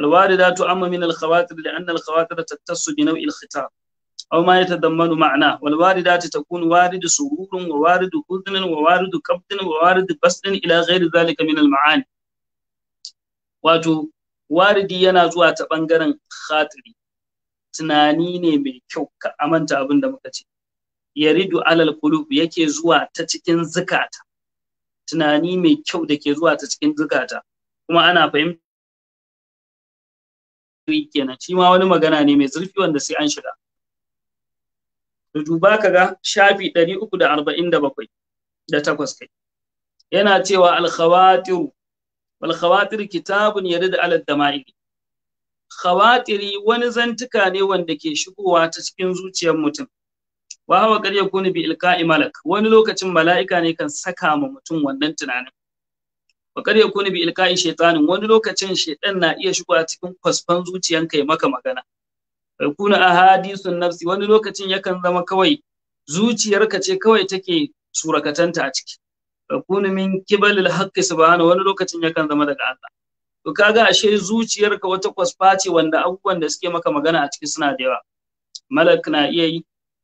al waridatu amma min al khawatir li anna al khawatir tattasu bi naw'i al khitab أو ما يتضمن معناه والواردات تكون وارد سرور ووارد حزن ووارد كبد ووارد بسط إلى غير ذلك من المعاني wato waridi yana zuwa ta ɓangaren khatiri tunani ne mai kyau ka amanta abin da muka ce yaridu alal qulub yake zuwa ta cikin zukata tunani mai kyau da ke zuwa ta cikin zukata kuma ana fahimta kenan shi ma wani magana ne mai zurfi wanda sai an shiga duba ga shafi 347 da takwas kai yana cewa al wal khawatir kitabun yadda ala dama'il khawatiri wani zantuka ne wanda ke shigowa ta cikin zuciyar mutum wa hawa kar yakunu bi ilka'i malak wani lokacin mala'ika ne kan saka ma mutum wannan tunanin wa kar yakunu bi ilka'i shaytanin wani lokacin shaytan na iya shigowa cikin kwasfan zuciyanka ya maka magana wa yakunu ahadisun nafsi wani lokacin yakan zama kawai zuciyarka ce kawai take surakatanta a ciki takunu min kibalil haqqi subhanahu wani lokacin yakan zama daga Allah to kaga ashe zuciyarka wata kwasfa ce wanda abubuwan da suke maka magana a ciki suna da yawa malak na iya yi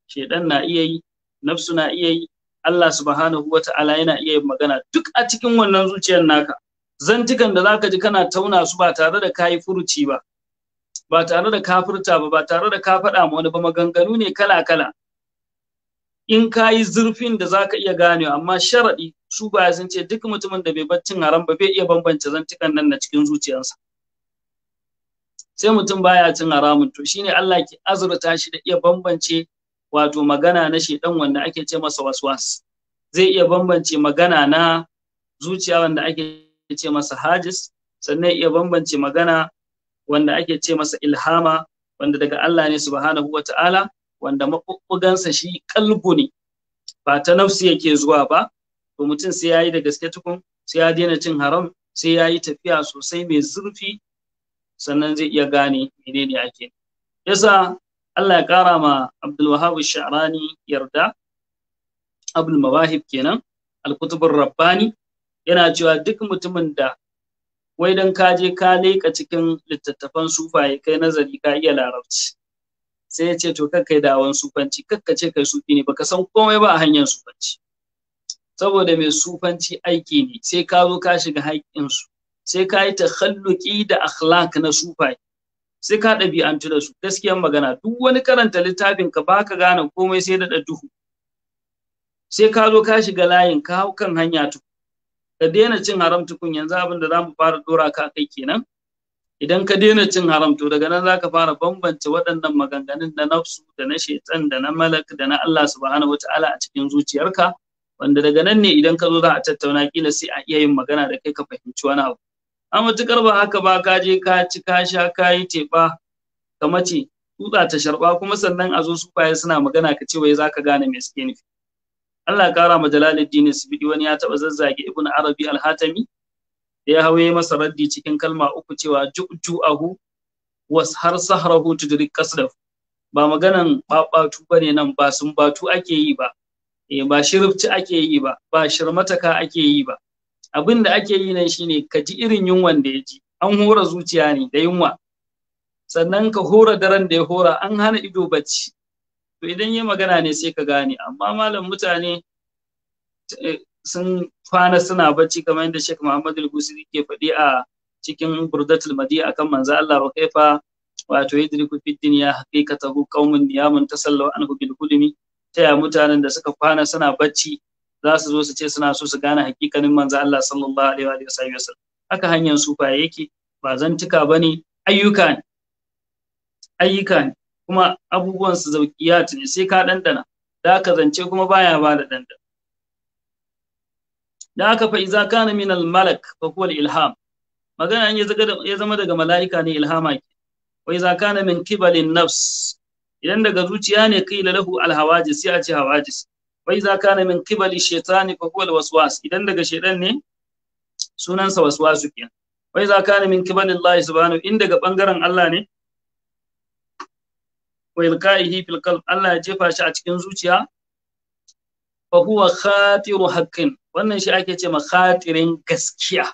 shedan na iya yi nafsu na iya yi Allah subhanahu wata'ala yana iya yin magana duk a cikin wannan zuciyar naka zantikan da zaka ji kana tauna su ba tare da kayi furuci ba ba tare da kafurta ba ba tare da ka faɗa ma wani ba maganganu ne kala kala in ka yi zurfin da za ka iya gane amma sharaɗi su ba sun ce duk mutumin da bai baccin haram ba bai iya bambance zantukan nan na cikin zuciyarsa sai mutum baya cin haramun to shine Allah ke azurta shi da iya bambance wato magana na shedan wanda ake ce masa waswas zai iya bambance magana na zuciya wanda ake ce masa hajis sannan iya bambance magana wanda ake ce masa ilhama wanda daga Allah ne subhanahu wata'ala wanda maɓuɓɓugansa shi kalbu ne ba ta nafsi yake zuwa ba to mutum sai ya yi da gaske tukun sai ya daina cin haram sai ya yi tafiya sosai mai zurfi sannan zai iya gane menene ake yasa Allah ya kara ma Abdul Wahhab Sha'rani yarda Abdul Mawahib kenan Al-Kutubur Rabbani yana cewa duk mutumin da wai dan ka je ka leka cikin littattafan sufaye kai nazari ka iya larabci sai ya ce to kakka yi dawon sufanci kakka ce kai sufi ne baka san komai ba a hanyar sufanci saboda mai sufanci aiki ne sai ka zo ka shiga haƙƙinsu sai ka yi takhalluki da akhlaq na sufai sai ka ɗabi'antu da su gaskiyar magana duk wani karanta littafin ka baka gane komai sai da duhu sai ka zo ka shiga layin ka hau kan hanya tu ka daina cin haram tukun yanzu abin da za mu fara dora ka kai kenan idan ka daina cin haram to daga nan zaka fara bambance waɗannan maganganun da nafsu da na shaitan da na malak da na Allah subhanahu wataala a cikin zuciyarka wanda daga nan ne idan ka zo za a tattauna kila sai a iya yin magana da kai ka fahimci wani abu a matukar ba haka ba ka je ka ci ka sha ka yi teɓa ka mace tutsa ta sharba kuma sannan a zo su faye suna magana ka ce wai zaka gane me suke nufi Allah ya kara ma Jalaluddin Sibidi wani ya taɓa zazzage ibnu Arabi Al-Hatami ya hawaye masa raddi cikin kalma uku cewa ju'ju'ahu was har sahrahu tudrik kasdaf ba maganan babatu bane nan ba sun batu ake yi ba eh ba shirfci ake yi ba ba shirmataka ake yi ba abin da ake yi nan shine ka ji irin yunwan da ya ji an hora zuciya ne da yunwa sannan ka hora daren da ya hora an hana ido bacci to idan ya magana ne sai ka gane amma malam mutane eh, sun kwana suna bacci kamar yadda Sheikh Muhammad al-Gusiri ke faɗi a cikin Burdatul Madi akan manzo Allah wa kaifa wato yadriku fid dunya haqiqatahu qaumun niyamun tasallu anhu bil hudumi taya mutanen da suka kwana suna bacci za su zo su ce suna so su gane hakikanin manzo Allah sallallahu alaihi wa wasallam haka hanyar su yake ba tuka bane ayyuka ne ayyuka ne kuma abubuwan su zaukiyat sai ka dandana da ka zance kuma baya ba da dandana da aka fa iza kana min al malak fa huwa al ilham magana in ya zama daga mala'ika ne ilhama ke wa iza kana min kibalin nafs idan daga zuciya ne la lahu al hawajis sai a ce hawajis wa iza kana min qibali shaytani fa huwa al waswas idan daga shaytan ne sunansa waswasu kenan wa iza kana min qibali Allah subhanahu in daga bangaren Allah ne wa ilqaihi fil qalb Allah ya jefa shi a cikin zuciya fa huwa khatiru haqqin wannan shi ake ce ma khatirin gaskiya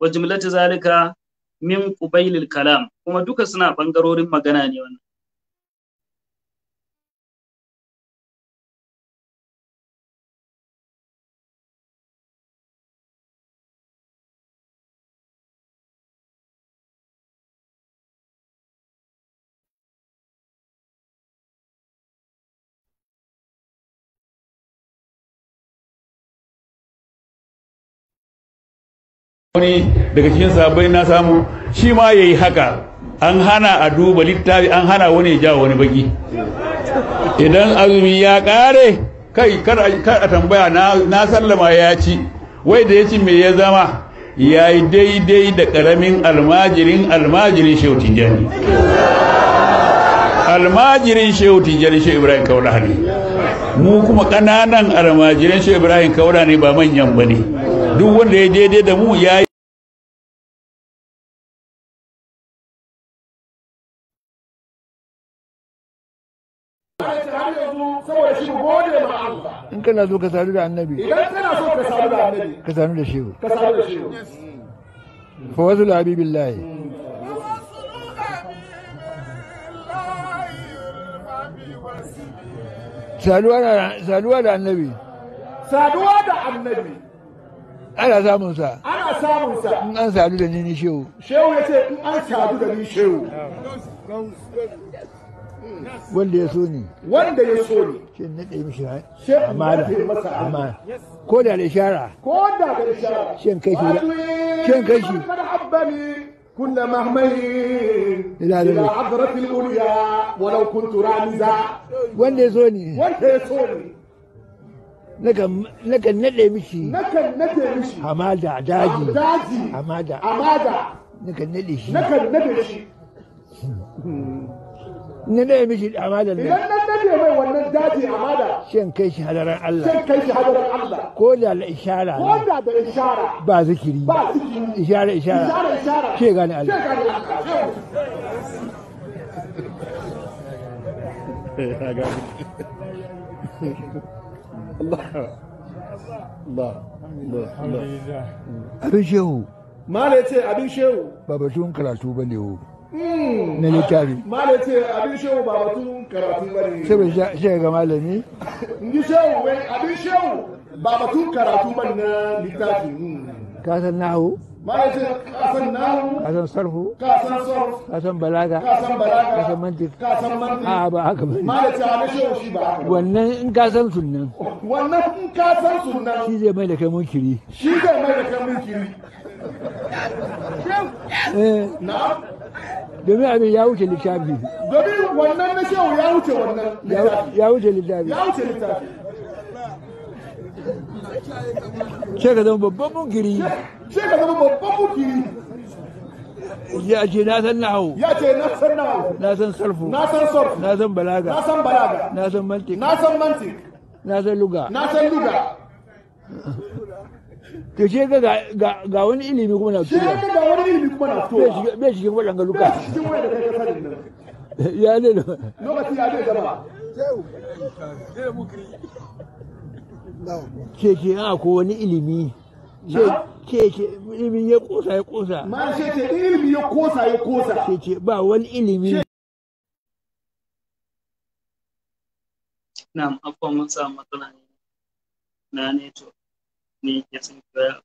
wa jumlatu zalika min qubailil kalam kuma duka suna bangarorin magana ne wannan wani daga cikin sabai na samu shi ma ya yi haka an hana a duba littafi an hana wani ya jawo wani baki idan azumi ya kare kai kar a tambaya na sallama ya ci wai da ya ci me ya zama ya yi daidai da karamin almajirin almajirin shehu jani almajirin shehu jani shehu ibrahim kaula ne mu kuma ƙananan almajirin shehu ibrahim kaula ne ba manyan ba ne duk wanda ya daidai da mu ya yi. in kana so ka sadu da annabi idan kana so ka sadu da annabi ka sadu da shehu ka sadu da shehu fawazul wasu labibillahi saduwa da annabi saduwa da annabi ana samun sa ana samun sa in an sadu da ni ni shehu shehu ya ce in an sadu da ni shehu wanda ya so ni wanda ya so ni shi na ɗaya mishi ha amana amana ko da da shara ko da da shara shin kai shi shin kai shi كنا مهملين إلى إلى عبرة الأولياء ولو كنت رامزا وين يزوني وين يزوني nakan nade mishi nakan nade mishi hamada daji daji hamada hamada nakan nade shi nakan nade shi na nade mishi hamada ne idan nan nade mai wannan daji hamada shin kai shi hadaran Allah shin kai shi hadaran Allah ko da la ishara ko da da ishara ba zikiri ba zikiri ishara ishara ishara ishara ke gane Allah ke gane Allah I got it. abin shehu mala ce abin shehu ba batun karatu ba ne wo hmm. na littafi mala ya ce abin shehu ba batun karatu ba ne sai shi ga malami ni shehu abin shehu ba batun karatu ba na littafi hmm. ka san nahu kasan sarfu kasan balaga kasan mantik a ba haka ba wannan in kasan wannan in kasan sunan shi zai mai da kai munkiri eh. domin abin ya wuce littafi domin wannan na shehu ya wuce wannan ya wuce littafi sai ka zama babban munkiri sai ka zama babban munkiri ya ce na san nahu ya ce na san nahu na san sarfu na san sarfu na san balaga na san balaga na san mantik na san mantik na san luga na san luga to ce ga ga wani ilimi kuma na fito shi ga wani ilimi kuma na fito bai shi kuma danga luka ya ne lokaci ya ne jama'a keke a ko wani ilimi keke ilimi ya kosa ya kosa ma ce ce ilimi ya kosa ya kosa keke ba wani ilimi na akwai matsa matsala ne na neto ne ke sun kira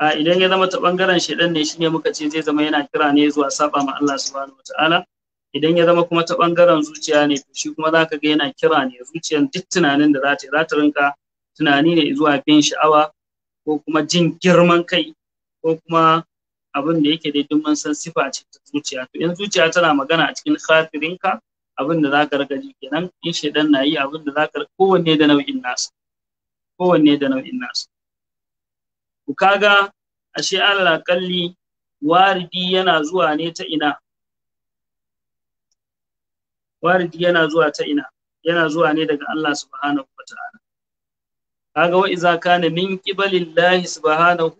a idan ya zama ta bangaren shaidan ne shine muka ce zai zama yana kira ne zuwa saba ma Allah subhanahu wataala idan ya zama kuma ta ɓangaren zuciya ne to shi kuma za ka ga yana kira ne zuciyan duk tunanin da za ta yi za ta rinka tunani ne zuwa bin sha'awa ko kuma jin girman kai ko kuma abin da yake dai duk san sifa ce ta zuciya to in zuciya tana magana a cikin khatirinka abin da za ka rika ji kenan in shaidan na yi abin da za ka kowanne da nau'in nasa kowanne da nau'in nasa ku kaga ashe alal kalli waridi yana zuwa ne ta ina waridi yana zuwa ta ina yana zuwa ne daga Allah subhanahu wa ta'ala kaga wa iza kana min qibalillahi subhanahu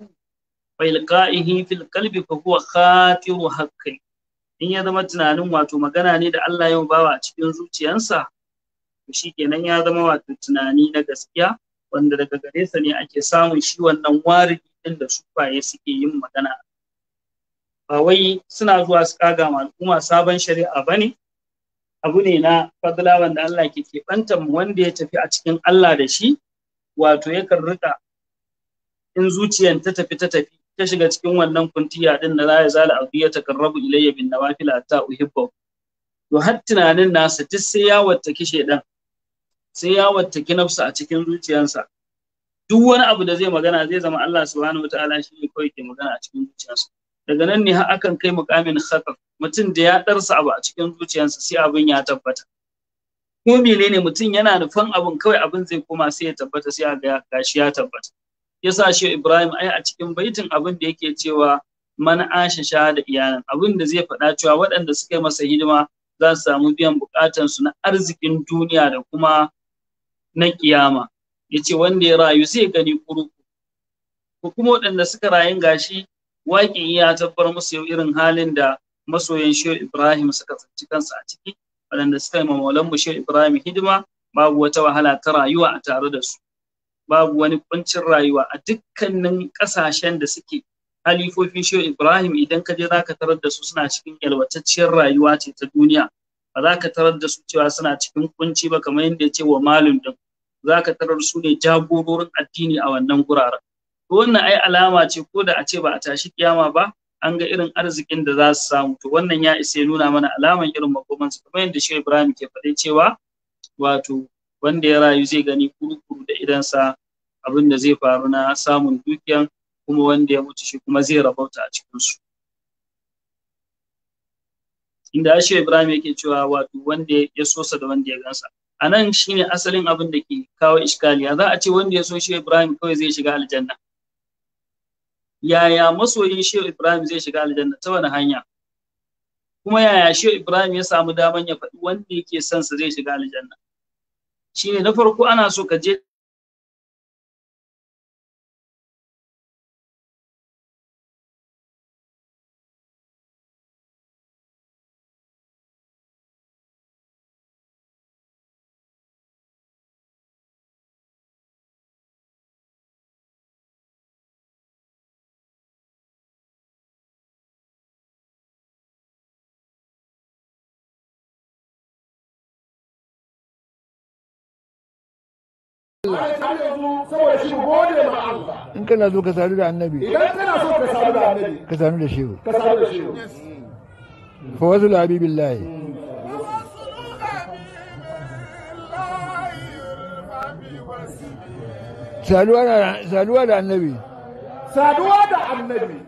wa ilqaihi fil qalbi fa huwa khatiru haqqi in ya zama tunanin wato magana ne da Allah ya bawa cikin zuciyarsa? to shikenan ya zama wato tunani na gaskiya wanda daga gare sa ne ake samun shi wannan waridi din da sufaye suke yin magana ba wai suna zuwa su kaga al'umma sabon shari'a bane abu ne na fadla wanda Allah ke mu wanda ya tafi a cikin Allah da shi wato yakan rika in zuciyan ta tafi ta tafi ta shiga cikin wannan kuntiya din da la zala abdi ya takarrabu ilayya bin nawafil hatta uhibbu to har tunanin nasa duk sai ya wattaki dan, sai ya wattaki nafsa a cikin zuciyansa duk wani abu da zai magana zai zama Allah subhanahu wataala shi ne kawai ke magana a cikin zuciyarsa daga nan ne har akan kai mukamin khatar mutum da ya darsa abu a cikin zuciyarsa sai abin ya tabbata ko menene mutum yana nufan abin kawai abin zai koma sai ya tabbata sai ga gashi ya tabbata yasa shi Ibrahim ai a cikin baitin abin da yake cewa man asha sha da iyalan abin da zai faɗa cewa waɗanda suka yi masa hidima za su samu biyan bukatan su na arzikin duniya da kuma na kiyama yace wanda ya rayu zai gani kuru ko kuma waɗanda suka rayu gashi waƙi ya tabbar musu irin halin da masoyan Shehu Ibrahim suka tsinci kansu a ciki waɗanda suka yi mamolan mu Shehu Ibrahim hidima babu wata wahala ta rayuwa a tare da su babu wani kuncin rayuwa a dukkanin ƙasashen da suke halifofin Shehu Ibrahim idan ka je zaka tarar da su suna cikin yalwatacciyar rayuwa ce ta duniya ba za ka tarar da su cewa suna cikin kunci ba kamar yadda ya ce wa malum din za ka tarar su ne jagororin addini a wannan guraren wannan ai alama ce ko da a ce ba a tashi kiyama ba an ga irin arzikin da za su samu to wannan ya isa nuna mana alaman irin su kamar yadda shi Ibrahim ke faɗai cewa wato wanda ya rayu zai gani kurukuru da idansa abin da zai faru na samun dukiyan kuma wanda ya mutu shi kuma zai rabauta a cikinsu inda shi Ibrahim yake cewa wato wanda ya sosa da wanda ya gansa a nan shine asalin abin da ke kawo iskaliya za a ce wanda ya so shi Ibrahim kawai zai shiga aljanna yaya masoyin shehu ibrahim zai shiga aljanna ta wani hanya kuma yaya shehu ibrahim ya samu daman ya faɗi wanda yake son sa zai shiga aljanna shine na farko ana so ka je In kana so ka sadu da annabi. so ka sadu da annabi. Ka sadu da shehu. Ka sadu da shehu. Fa wasu labi billahi. Saduwa da annabi. da annabi.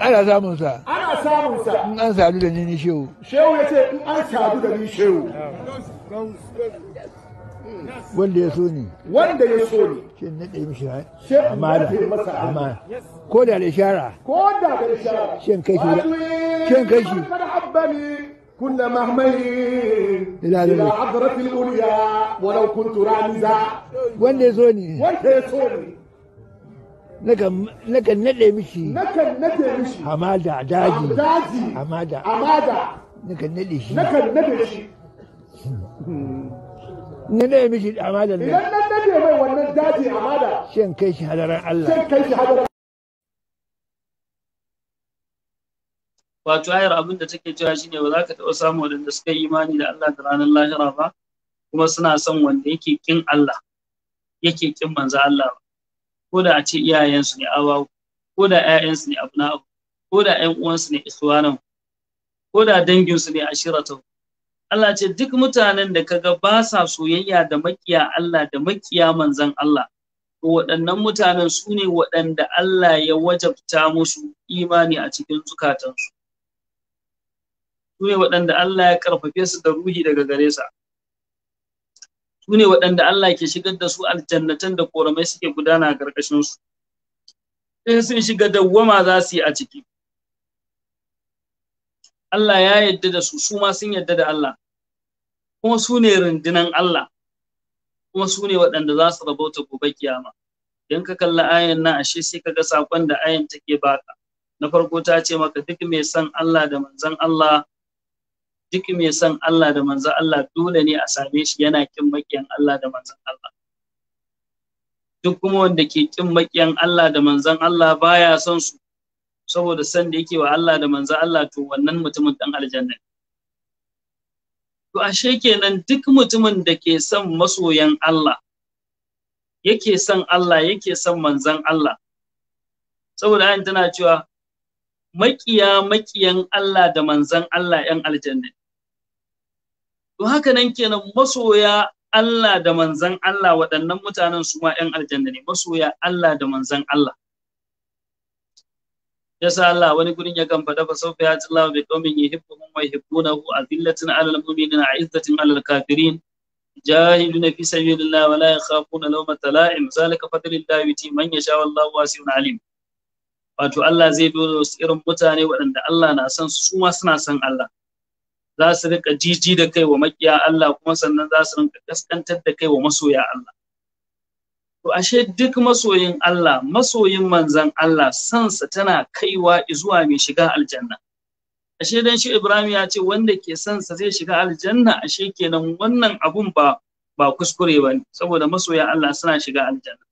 Ana samun sa. Ana samun In an sadu da ni ni shehu. Shehu in an sadu da shehu. wanda ya so wanda ya so ni shin na ɗaya mishi amana amana ko da da ishara ko da da ishara shin kai shi eh, shin kai shi كنا مهمين إلى إلى حضرة الأولياء ولو كنت رامزا وين يزوني وين يزوني nakan naɗe mishi nakan naɗe mishi hamada daji hamada hamada nakan naɗe shi nakan naɗe shi hmm. ni ne miki amada ne idan nan nake mai wannan daji amada shin kai shi hadaran Allah shin kai shi hadaran wato ayar abin da take cewa shine ba za ka taɓa samu waɗanda suka yi imani da Allah da ranar lahira ba kuma suna son wanda yake kin Allah yake kin manzo Allah ba ko da a ce iyayensu ne awawu ko da ƴaƴansu ne abu ko da ƴan uwansu ne iswanan ko da danginsu ne ashiratu Allah ce duk mutanen da kaga ba sa soyayya da makiya Allah da makiya manzan Allah to waɗannan mutanen su ne waɗanda Allah ya wajabta musu imani a cikin zukatansu su ne waɗanda Allah ya karfafe su da ruhi daga gare sa su ne waɗanda Allah ke shigar da su aljannatan da koramai suke gudana a ƙarƙashin su sun shiga dawwama za su yi a ciki Allah ya yadda da su su ma sun yadda da Allah kuma su ne rundunan Allah kuma su ne waɗanda za su rabauta gobe kiyama idan ka kalla ayan nan ashe sai ka ga sakon da ayan take baka na farko ta ce maka duk mai son Allah da manzon Allah duk mai son Allah da manzon Allah dole ne a same shi yana kin makiyan Allah da manzon Allah duk kuma wanda ke kin makiyan Allah da manzon Allah baya son su saboda san da yake wa Allah da manzo Allah to wannan mutumin dan aljanna to ashe kenan duk mutumin da ke son masoyan Allah yake son Allah yake son manzon Allah saboda ayin tana cewa maƙiya makiyan Allah da manzon Allah yan aljanna to haka nan kenan masoya Allah da manzon Allah waɗannan mutanen su ma yan aljanna ne masoya Allah da manzon Allah yasa Allah wani gurin ya kan fada fa sawfa ya'ti Allah bi qaumin yuhibbuhum wa yuhibbunahu azillatin 'alal mu'minina 'izzatin 'alal kafirin jahiduna fi sabilillah wa la yakhafuna lawma tala'im zalika fadlillah yuti man yasha wallahu wasi'un 'alim wato Allah zai dole wasu irin mutane waɗanda Allah na san su ma suna san Allah za su rika jiji da kai wa makiya Allah kuma sannan za su rika kaskantar da kai wa masoya Allah To ashe duk masoyin Allah, masoyin manzan Allah, sansa tana kaiwa zuwa mai shiga aljanna. Ashe dan shi Ibrahim ya ce wanda ke sansa zai shiga aljanna, ashe kenan wannan abun ba ba kuskure ba ne, saboda masoyan Allah suna shiga aljanna.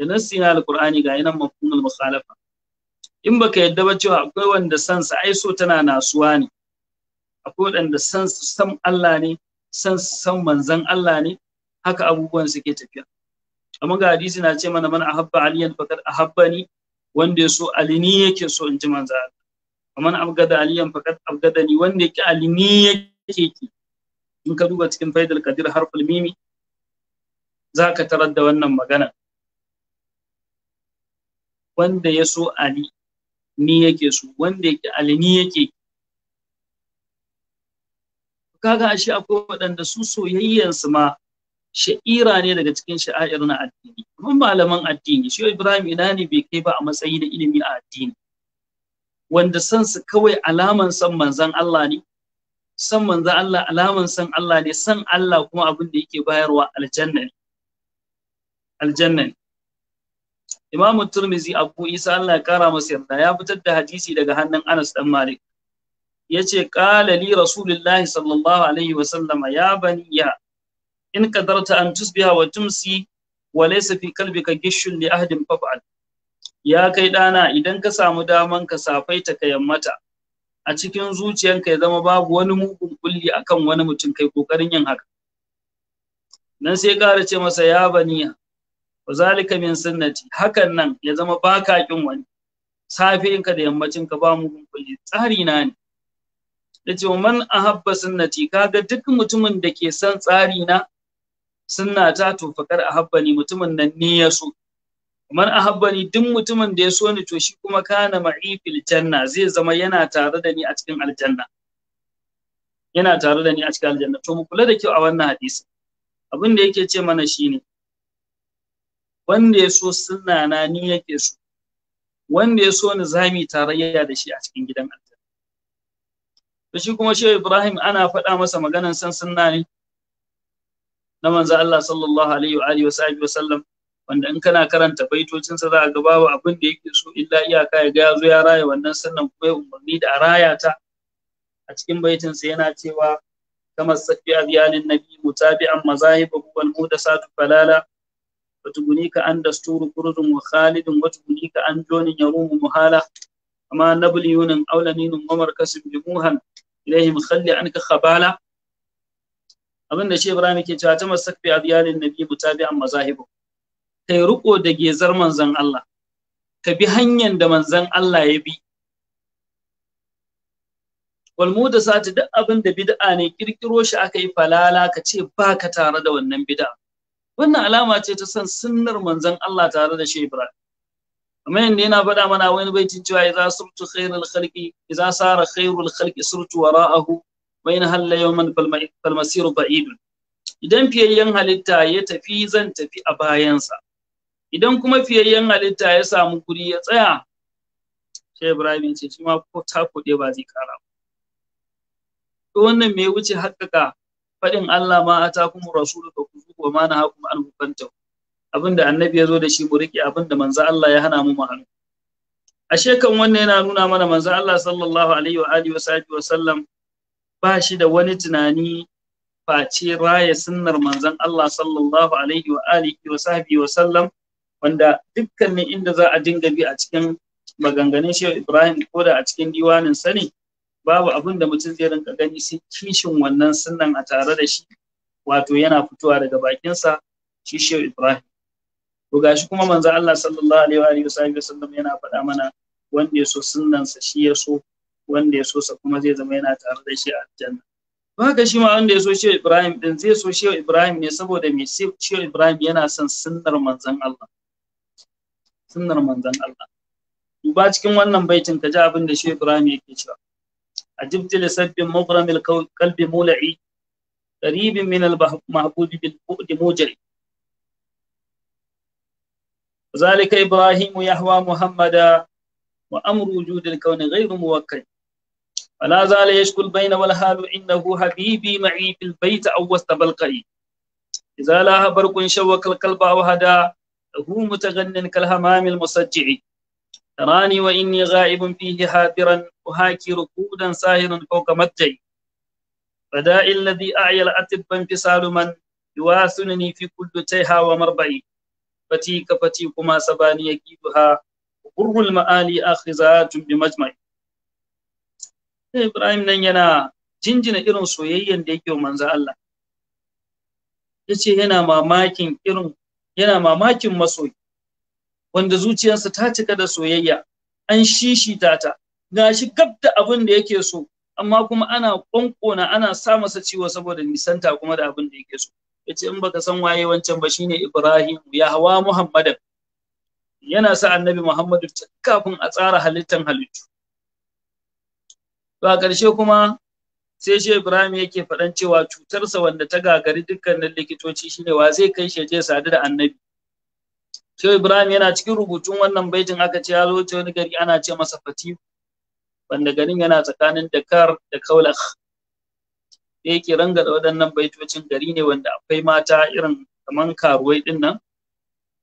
Da nassi na Alƙur'ani ga yanan mafhumul mukhalafa. In baka yadda ba cewa akwai wanda sansa ai so tana nasuwa ne. Akwai wanda sansa san Allah ne, san san manzan Allah ne, haka abubuwan suke tafiya. amma ga hadisi na ce mana man ahabba aliyan faqad ahabbani wanda yaso ali ni yake so in ji manzo Allah man abgada aliyan faqad abgadani wanda yake ali ni yake ki in ka duba cikin faidal kadir harful mimi zaka tarar da wannan magana wanda ya so ali ni yake so wanda yake ali ni yake kaga ashe akwai waɗanda su soyayyansu ma sha'ira ne daga cikin sha'air na addini mun malaman addini shi Ibrahim ina ne bai kai ba a matsayi da ilimi a addini wanda san su kawai alaman san manzon Allah ne san manzon Allah alaman san Allah ne san Allah kuma abin da yake bayarwa aljanna ne aljanna ne Imam Turmizi Abu Isa Allah ya kara masa yarda ya fitar da hadisi daga hannun Anas dan Malik yace qala li rasulullahi sallallahu alaihi wa sallama ya baniya in qadarta an tusbiha wa tumsi wa laysa fi qalbika gishun li ahadin faf'al ya kai dana idan ka samu daman ka safaita ka yammata a cikin zuciyanka ya zama babu wani mugun kulli akan wani mutum kai kokarin yin haka nan sai ƙara ce masa ya baniya wa zalika min sunnati hakan nan ya zama baka kin wani safiyinka da yammacinka ba mugun kulli tsari na ne da ce man ahabba sunnati kaga duk mutumin da ke san tsari na sunna ta to fakar ahabbani mutumin nan ni ya so man ahabbani duk mutumin da ya so ni to shi kuma kana ma'i fil janna zai zama yana tare da ni a cikin aljanna yana tare da ni a cikin aljanna to mu kula da kyau a wannan hadisi abin da yake ce mana shine wanda ya so sunna na ni yake so wanda ya so ni zami tarayya da shi a cikin gidan aljanna to shi kuma shehu ibrahim ana faɗa masa maganan san sunna ne na manzo Allah sallallahu alaihi wa alihi wa sallam wanda in kana karanta baitocin sa za ga babu abin da yake so illa iyaka ya ga yazo ya raya wannan sannan kuma ya umarni da araya ta a cikin baitin sa yana cewa kama safi abiyalin nabi mutabi'an mazahibu wal mudasatu falala وتغنيك عن دستور كرد وخالد وتغنيك عن جون يروم مهالة أما نبليون أولنين ومركز بموهن إليهم خلي عنك خبالة abin da shi Ibrahim yake cewa ta masak adiyalin nabi mutabi'an mazahibu kai riko da gezar manzon Allah ka bi hanyar da manzon Allah ya bi wal sati duk abin da bid'a ne kirkiro shi aka yi falala ka ce baka tare da wannan bid'a wannan alama ce ta san sunnar manzon Allah tare da shi Ibrahim amma yanda yana faɗa mana wani baitin cewa idza surtu khairul khalqi idza sara khairul khalqi surtu wara'ahu wa in halla yawman fal masiru ba'idun idan fiyayyen halitta ya tafi zan tafi a bayansa idan kuma fiyayyen halitta ya samu guri ya tsaya sai ibrahim ce shi ma ko ta kuɗe ba zai kara to wannan me wuce haƙƙaƙa faɗin Allah ma atakum rasulu ka ku zuwa ma nahakum an hukunta abinda annabi ya zo da shi mu riƙe abinda manzo Allah ya hana mu mu ashe kan wannan yana nuna mana manzo Allah sallallahu alaihi wa alihi wa wa sallam ba shi da wani tunani face raya sunnar manzon Allah sallallahu alaihi wa alihi wa sahbihi wa sallam wanda dukkanin inda za a dinga bi a cikin maganganun Shehu Ibrahim ko da a cikin diwanin sani babu abin da mutum zai rinka gani sai kishin wannan sunan a tare da shi wato yana fitowa daga bakinsa shi Shehu Ibrahim to gashi kuma manzo Allah sallallahu alaihi wa alihi wa sallam yana faɗa mana wanda ya so sunnansa shi ya so wanda ya so sa kuma zai zama yana tare da shi a aljanna Ba haka shi ma wanda ya so shi Ibrahim din zai so shi Ibrahim ne saboda me sai shi Ibrahim yana son sunnar manzon Allah sunnar manzon Allah duba cikin wannan baitin ka ji abin da shi Ibrahim yake cewa ajibti li sabbin mugramil qalbi mula'i qaribin min al mahbubi bil ذلك إبراهيم يهوى محمدا وأمر وجود الكون غير موكل فلا زال يشكو البين والحال إنه حبيبي معي في البيت أو واستبلقي إذا لاها برق شوك القلب وهدى له متغن كالهمام المسجع تراني وإني غائب فيه حاضرا أهاكي ركودا ساهرا فوق مضجعي فداء الذي أعيا الأطب انفصال من يواثنني في كل تيها ومربعي فتيك فتيكما سباني يكيدها غر المآلي آخذات بمجمعي Ibrahim nan yana jinjina irin soyayyen da yake wa manzo Allah yace yana mamakin irin yana mamakin masoyi wanda zuciyarsa ta cika da soyayya an shishita ta gashi gab da abin da yake so amma kuma ana ƙwanƙona ana sa masa ciwo saboda nisanta kuma da abin da yake so yace in baka san waye wancan ba shine Ibrahim ya hawa Muhammadan yana sa annabi Muhammadu kafin a tsara halittan halittu to a ƙarshe kuma sai shi Ibrahim yake faɗan cewa cutarsa wanda ta gagari dukkanin likitoci shine wa zai kai shi je sadu da annabi Shehu Ibrahim yana cikin rubutun wannan baitin aka ce ya zo wani gari ana ce masa Fatihu wanda garin yana tsakanin Dakar da Kaulakh yake ranga da waɗannan baitocin gari ne wanda akwai mata irin kaman karuwai din nan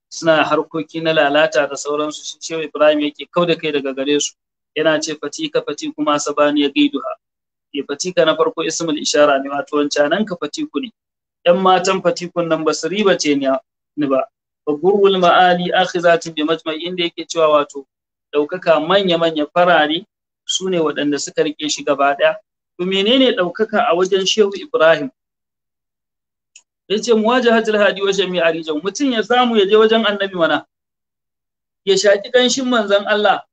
suna harkoki na lalata da sauransu shi Shehu Ibrahim yake kau da kai daga gare su yana ce fatika fati kuma sabani ya gaiduha ya eh, fatika na farko ismul ishara ne wato wancan nan ka fatiku ne yan matan fatikun nan ba su riba ce ni ba Ba gurwul ma'ali akhizatin bi majma'i inda yake cewa wato daukaka manya manya farare su ne waɗanda suka rike shi gaba ɗaya to menene daukaka a wajen shehu ibrahim yace muwajahatul hadi wa jami'a rijal mutun ya samu ya je wajen annabi mana ya shaki kanshin manzon Allah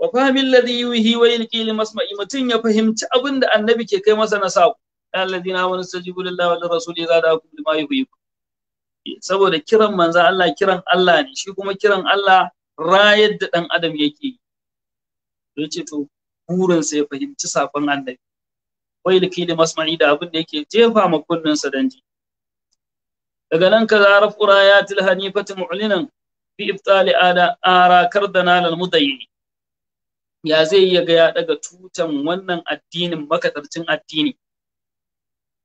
wa fahmi alladhi yuhi wa yulqi masma'i mutun ya fahimci abin annabi ke kai masa na sako alladhina amanu istajibu lillahi wa rasuli idza da'akum lima yuhyikum saboda kiran manza, Allah kiran Allah ne shi kuma kiran Allah rayar da dan adam yake yi ce to burin ya fahimci sakon annabi wai likili masma'i da abin da yake jefa ma kunnin sa dan ji daga nan ka zara furayatil hanifatu mu'linan fi ibtali ada ara kardana lal mudayyi ya zai iya ga ya daga tutan wannan addinin makatarcin addini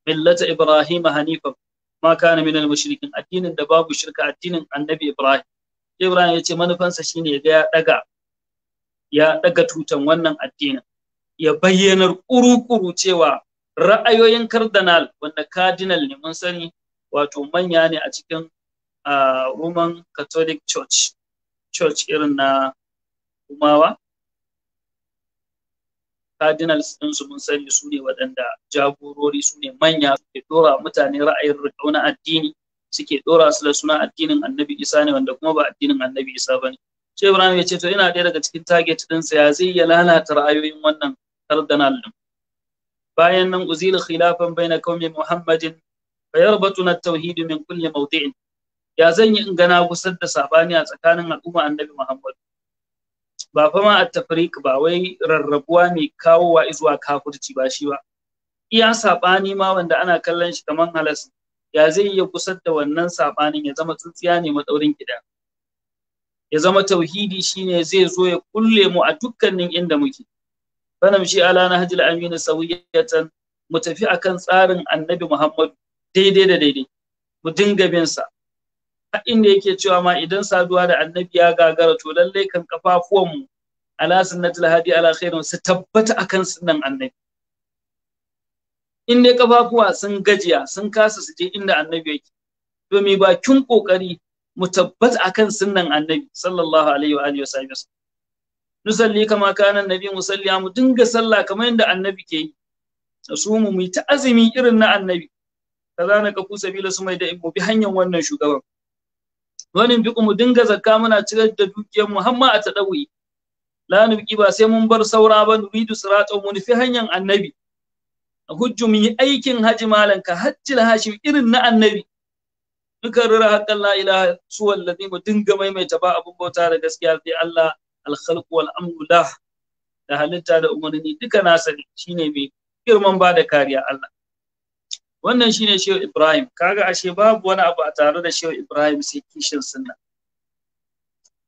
millata ibrahim hanifa ma kana min al-mushrikin addinin da babu shirka addinin annabi ibrahim ibrahim ya ce manufansa shine ya ga ya daga ya daga tutan wannan addinin ya bayyana kuru cewa ra'ayoyin cardinal wanda cardinal ne mun sani wato manya ne a cikin uh, roman catholic church church irin na umawa cardinals din su mun sani su ne waɗanda jagorori su ne manya suke dora mutane ra'ayin riƙau na addini suke ɗora su da suna addinin annabi isa ne wanda kuma ba addinin annabi isa ba ne shi ibrahim ya ce to ina ɗaya daga cikin target ɗinsa ya zai ya lalata ra'ayoyin wannan cardinal din bayan nan uzila khilafan baina qaumi muhammadin fa yarbatuna na tauhid min kulli mawdi'in ya zan yi in gana gusar da sabani a tsakanin al'umma annabi Muhammadu? ba fa ma at ba wai rarrabuwa mai kawowa wa kafurci ba shi ba iya saɓani ma wanda ana kallon shi kamar halas ya zai iya kusar da wannan saɓanin ya zama tsintsiya ne madaurin gida ya zama tauhidi shine zai zo ya kulle mu a dukkanin inda muke shi ala na Aminu amin sawiyatan mu tafi akan tsarin annabi Muhammad daidai da daidai mu dinga bin sa inda yake cewa ma idan saduwa da annabi ya gagara to lallai kan kafafuwan mu ala sunnatul hadi ala khairin su tabbata akan sunnan annabi in dai kafafuwa sun gajiya sun kasa su je inda annabi yake to mi bakin kokari mu tabbata akan sunnan annabi sallallahu alaihi wa alihi wa nusalli kama kana annabi musalliya mu dinga sallah kamar yadda annabi ke yi su mu mu ta azumi irin na annabi kaza na kafu sabila su mai da mu bi hanyar wannan shugaban wani bi mu dinga zakka muna cigar da dukiyar mu har ma a tadawi la nubqi ba sai mun bar saura ba nuridu sirata mu nufi hanyar annabi hujju mun yi aikin haji malan ka hajjil hashim irin na annabi duka rira haqqan la ilaha su wallazi mu dinga maimaita ba abun bauta da gaskiya sai Allah al khalq wal amru da halitta da umarni duka nasa shine mai girman ba da kariya Allah wannan shine shehu ibrahim kaga ashe babu wani abu a tare da shehu ibrahim sai kishin sunna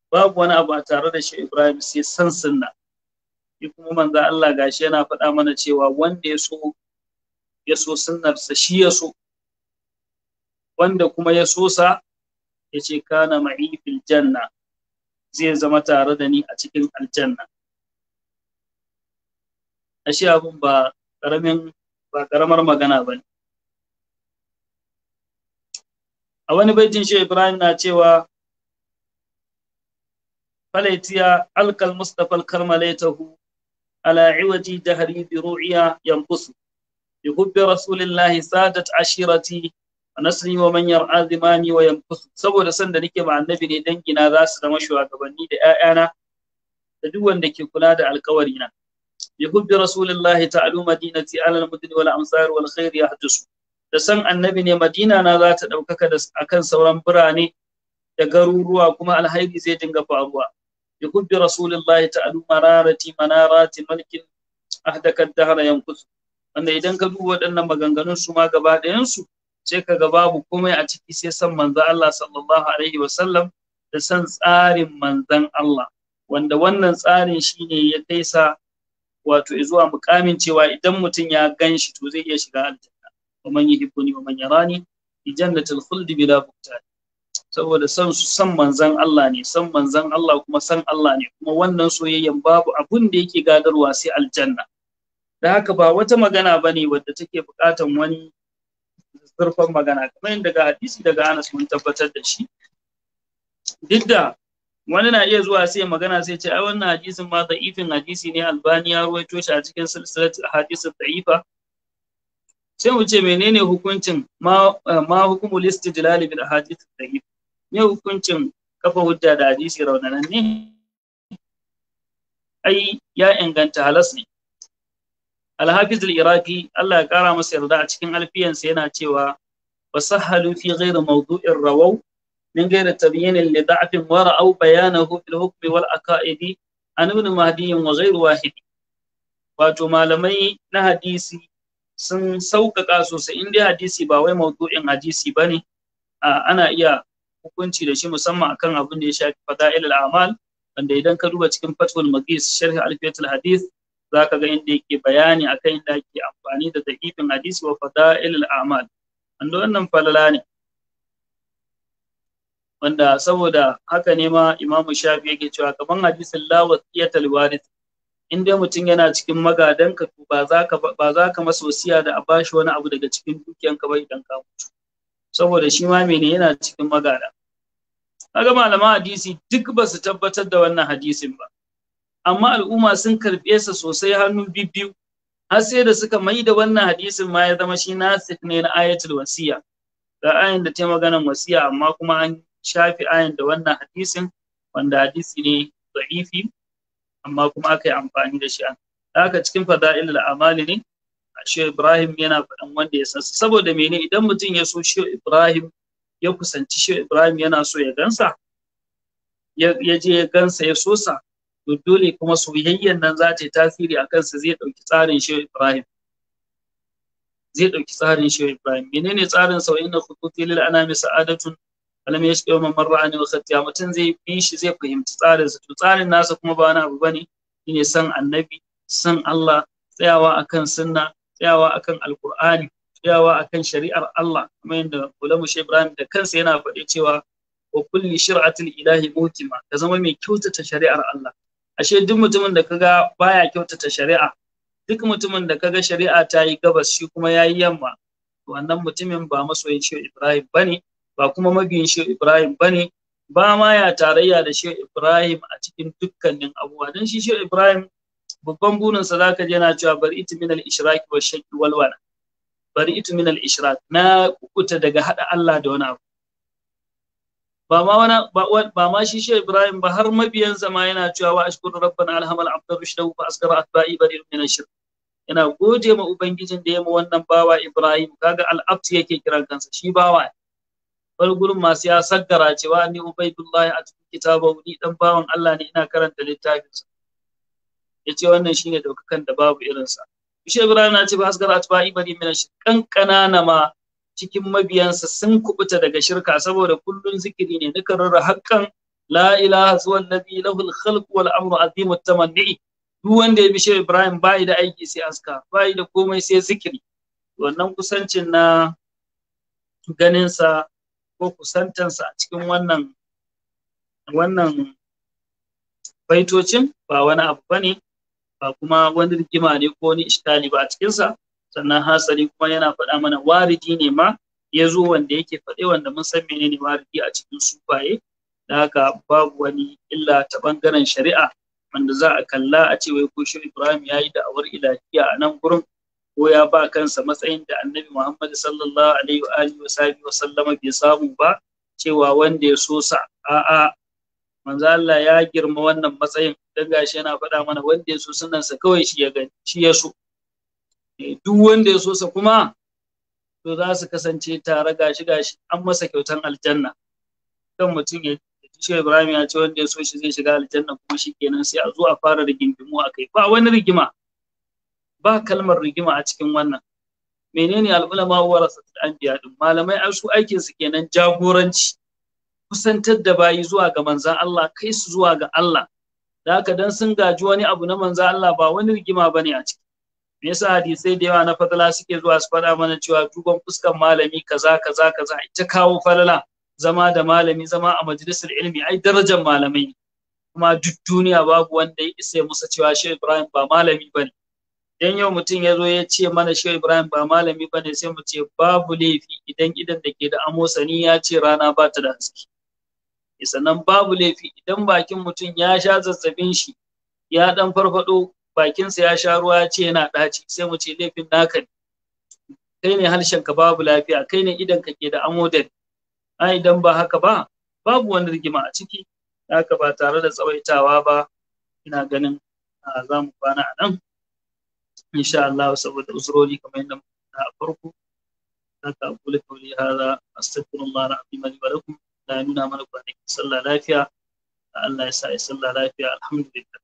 babu wani abu a tare da shehu ibrahim sai san sunna shi kuma manzo Allah gashi yana faɗa mana cewa wanda ya so ya so shi ya so wanda kuma ya so sa ya ce kana ma'i fil janna zai zama tare da ni a cikin aljanna ashe abun ba karamin ba karamar magana ba ne. a wani baitin shi ibrahim na cewa falaitiya alkal mustafa alkarmalaitahu ala iwaji da Haribi ru'iya yanqusu bi hubbi rasulillahi sadat ashirati wa nasri wa man azimani wa yankusu saboda san da nake ma annabi ne dangina za su zama shugabanni da 'ya'yana da duk wanda ke kula da alkawari na bi hubbi rasulillahi ta'alu madinati ala al-mudni wal amsar wal khair yahdusu da san annabi ne madina na za ta ɗaukaka da akan sauran birane da garuruwa kuma alhairi zai dinga faruwa bi hubbi rasulillahi ta'alu mararati manarati malkin ahdaka dahra yanqus wanda idan ka duba waɗannan maganganun su ma gaba ɗayan su sai ka ga babu komai a ciki sai san manzo Allah sallallahu alaihi wa sallam da san tsarin manzon Allah wanda wannan tsarin shine ya kaisa wato zuwa mukamin cewa idan mutum ya ganshi to zai iya shiga aljanna ومن يحبني ومن يراني في جنة الخلد بلا بكتان saboda san su san manzan Allah ne san manzan Allah kuma san Allah ne kuma wannan soyayyan babu abun da yake gadarwa sai aljanna da haka ba wata magana bane wadda take bukatan wani zurfan magana kamar yadda daga hadisi daga Anas mun tabbatar da shi duk da wani na iya zuwa sai magana sai ce ai wannan hadisin ma za'ifin hadisi ne Albani ya ruwaito shi a cikin silsilat hadisin da'ifa sai mu ce menene hukuncin ma eh, ma hukumul istidlal bil hadith dhaif ne hukuncin kafa hujja da hadisi raunanan ne ai ya inganta halas ne al-hafiz Allah ya kara masa yarda a cikin alfiyansa yana cewa wasahhalu fi ghairi mawdu'in rawaw من غير تبيين لضعف ورأوا بيانه في الحكم والعقائد عن ابن مهدي وغير واحد wato malamai na hadisi sun sauƙaƙa sosai in dai hadisi ba wai maudu'in hadisi ba ne ana iya hukunci da shi musamman akan abin da ya shafi fada'il amal. wanda idan ka duba cikin fatwal maqis sharh alfiyatul hadith zaka ga inda yake bayani akan inda yake amfani da da'ifin hadisi wa fada'il amal. wanda wannan falala ne wanda saboda haka ne ma imamu shafi yake cewa kaman hadisin la wasiyatul warith in dai mutum yana cikin magadanka to ba za ka ba za ka masa da a bashi wani abu daga cikin dukiyanka ba idan ka mutu saboda shi ma mene yana cikin magada kaga malaman hadisi duk ba su tabbatar da wannan hadisin ba amma al'umma sun karɓe sa sosai hannu bibbiyu har sai da suka mai da wannan hadisin ma ya zama shi nasikh ne na ayatul wasiya ga ayin da ta maganan wasiya amma kuma an shafi ayin da wannan hadisin wanda hadisi ne da'ifi amma kuma aka yi amfani da shi an haka cikin fada'il al'amali ne shi Ibrahim yana faɗan wanda ya san saboda mene idan mutum ya so shi Ibrahim ya kusanci shi Ibrahim yana so ya gansa ya je ya gansa ya so sa to dole kuma soyayyen nan za ta yi tasiri a kansa zai ɗauki tsarin shi Ibrahim zai ɗauki tsarin shi Ibrahim menene tsarin sa wa inna khututi lil anami sa'adatun alam yashqa man marra ani ta. mutum zai bi shi zai fahimci tsarin su tsarin nasa kuma ba wani abu bane shine san annabi san Allah tsayawa akan sunna tsayawa akan alqur'ani tsayawa akan shari'ar Allah kamar yadda ulama shi Ibrahim da kansa yana faɗi cewa wa kulli shir'atil ilahi mutima ka zama mai kyautata shari'ar Allah ashe duk mutumin da kaga baya kyautata shari'a duk mutumin da kaga shari'a ta yi gabas shi kuma yayi yamma wannan mutumin ba masoyin shi Ibrahim bane ba kuma mabiyin shi ibrahim bane ba ma ya tarayya da shi ibrahim a cikin dukkanin abubuwa don shi shi ibrahim babban burin sa zaka je na cewa bari itu min al-ishraq wa wal wala bari itu min al-ishraq na kuta daga hada Allah da wani abu ba ma wani ba ma shi shi ibrahim ba har sa ma yana cewa wa ashkuru rabbana alhamal abdur rushdahu fa askara atba'i bari min al-shirk yana gode ma ubangijin da ya ma wannan bawa ibrahim kaga al-abd yake kiran kansa shi bawa ne. wani gurin masu ya saggara cewa ni ubaidullahi a cikin kitabahu ni dan bawan Allah ne ina karanta littafinsa yace wannan shine daukakan da babu irinsa Bishe Ibrahim na ce ba asgar atba'i bari min shirkan kanana ma cikin mabiyansa sun kubuta daga shirka saboda kullun zikiri ne na karara hakkan la ilaha zuwa nabi lahul khalq wal amru azimu tamanni duk wanda ya shi Ibrahim bai da aiki sai aska bai da komai sai zikiri wannan kusancin na ganinsa ko kusantansa a cikin wannan wannan baitocin ba wani abu ba ne ba kuma wani rigima ne ko wani iskali ba a cikinsa sannan hasali kuma yana faɗa mana waridi ne ma ya zo wanda yake faɗe wanda mun san menene waridi a cikin sufaye da haka babu wani illa ta ɓangaren shari'a wanda za a kalla a ce wai ko shi Ibrahim ya yi da'awar ilahiya a nan gurin ko ya ba kansa matsayin da annabi Muhammad sallallahu alaihi wa alihi wa sahbihi wa sallama bai samu ba cewa wanda ya so sa a'a manzo Allah ya girma wannan matsayin dan gashi yana faɗa mana wanda ya so sunan sa kawai shi ya gani shi ya so eh, duk wanda ya so sa kuma to za su kasance tare gashi gashi an masa kyautan aljanna kan mutum ya shi Ibrahim ya ce wanda ya so shi zai shiga aljanna kuma shi kenan sai a zo a fara rigingimu a kai ba wani rigima ba kalmar rigima a cikin wannan menene al'ulama an anbiya din malamai ai su aikin su kenan jagoranci kusantar da bayi zuwa ga manzan Allah kai su zuwa ga Allah da haka dan sun gaji wani abu na manzan Allah ba wani rigima bane a ciki me yasa hadisai da yawa na fadala suke zuwa su faɗa mana cewa duban fuskan malami kaza kaza kaza ita kawo falala zama da malami zama a majalisar ilimi ai darajar malamai kuma duk duniya babu wanda ya isa musa cewa shi Ibrahim ba malami bane dan yau mutum ya zo ya ce mana shi Ibrahim ba malami ba ne sai mu ce babu laifi idan idan da ke da amosani ya ce rana ba ta da haske eh, sannan babu laifi idan bakin mutum ya sha zazzabin shi ya dan farfado bakinsa ya sha ruwa ya ce yana ɗaci sai mu ce laifin naka ne kai ne harshen ka babu lafiya kai ne idan ka ke da amodari a idan ba haka ba babu wani rigima a ciki haka ba tare da tsawaitawa ba ina ganin ah, za mu kwana a nan insha Allah saboda uzurori kamar yadda muka a farko haka aqulu qawli hadha astaghfirullah abin wa lakum Na nuna mana kwanaki sallah lafiya Allah ya sa ya sallah lafiya alhamdulillah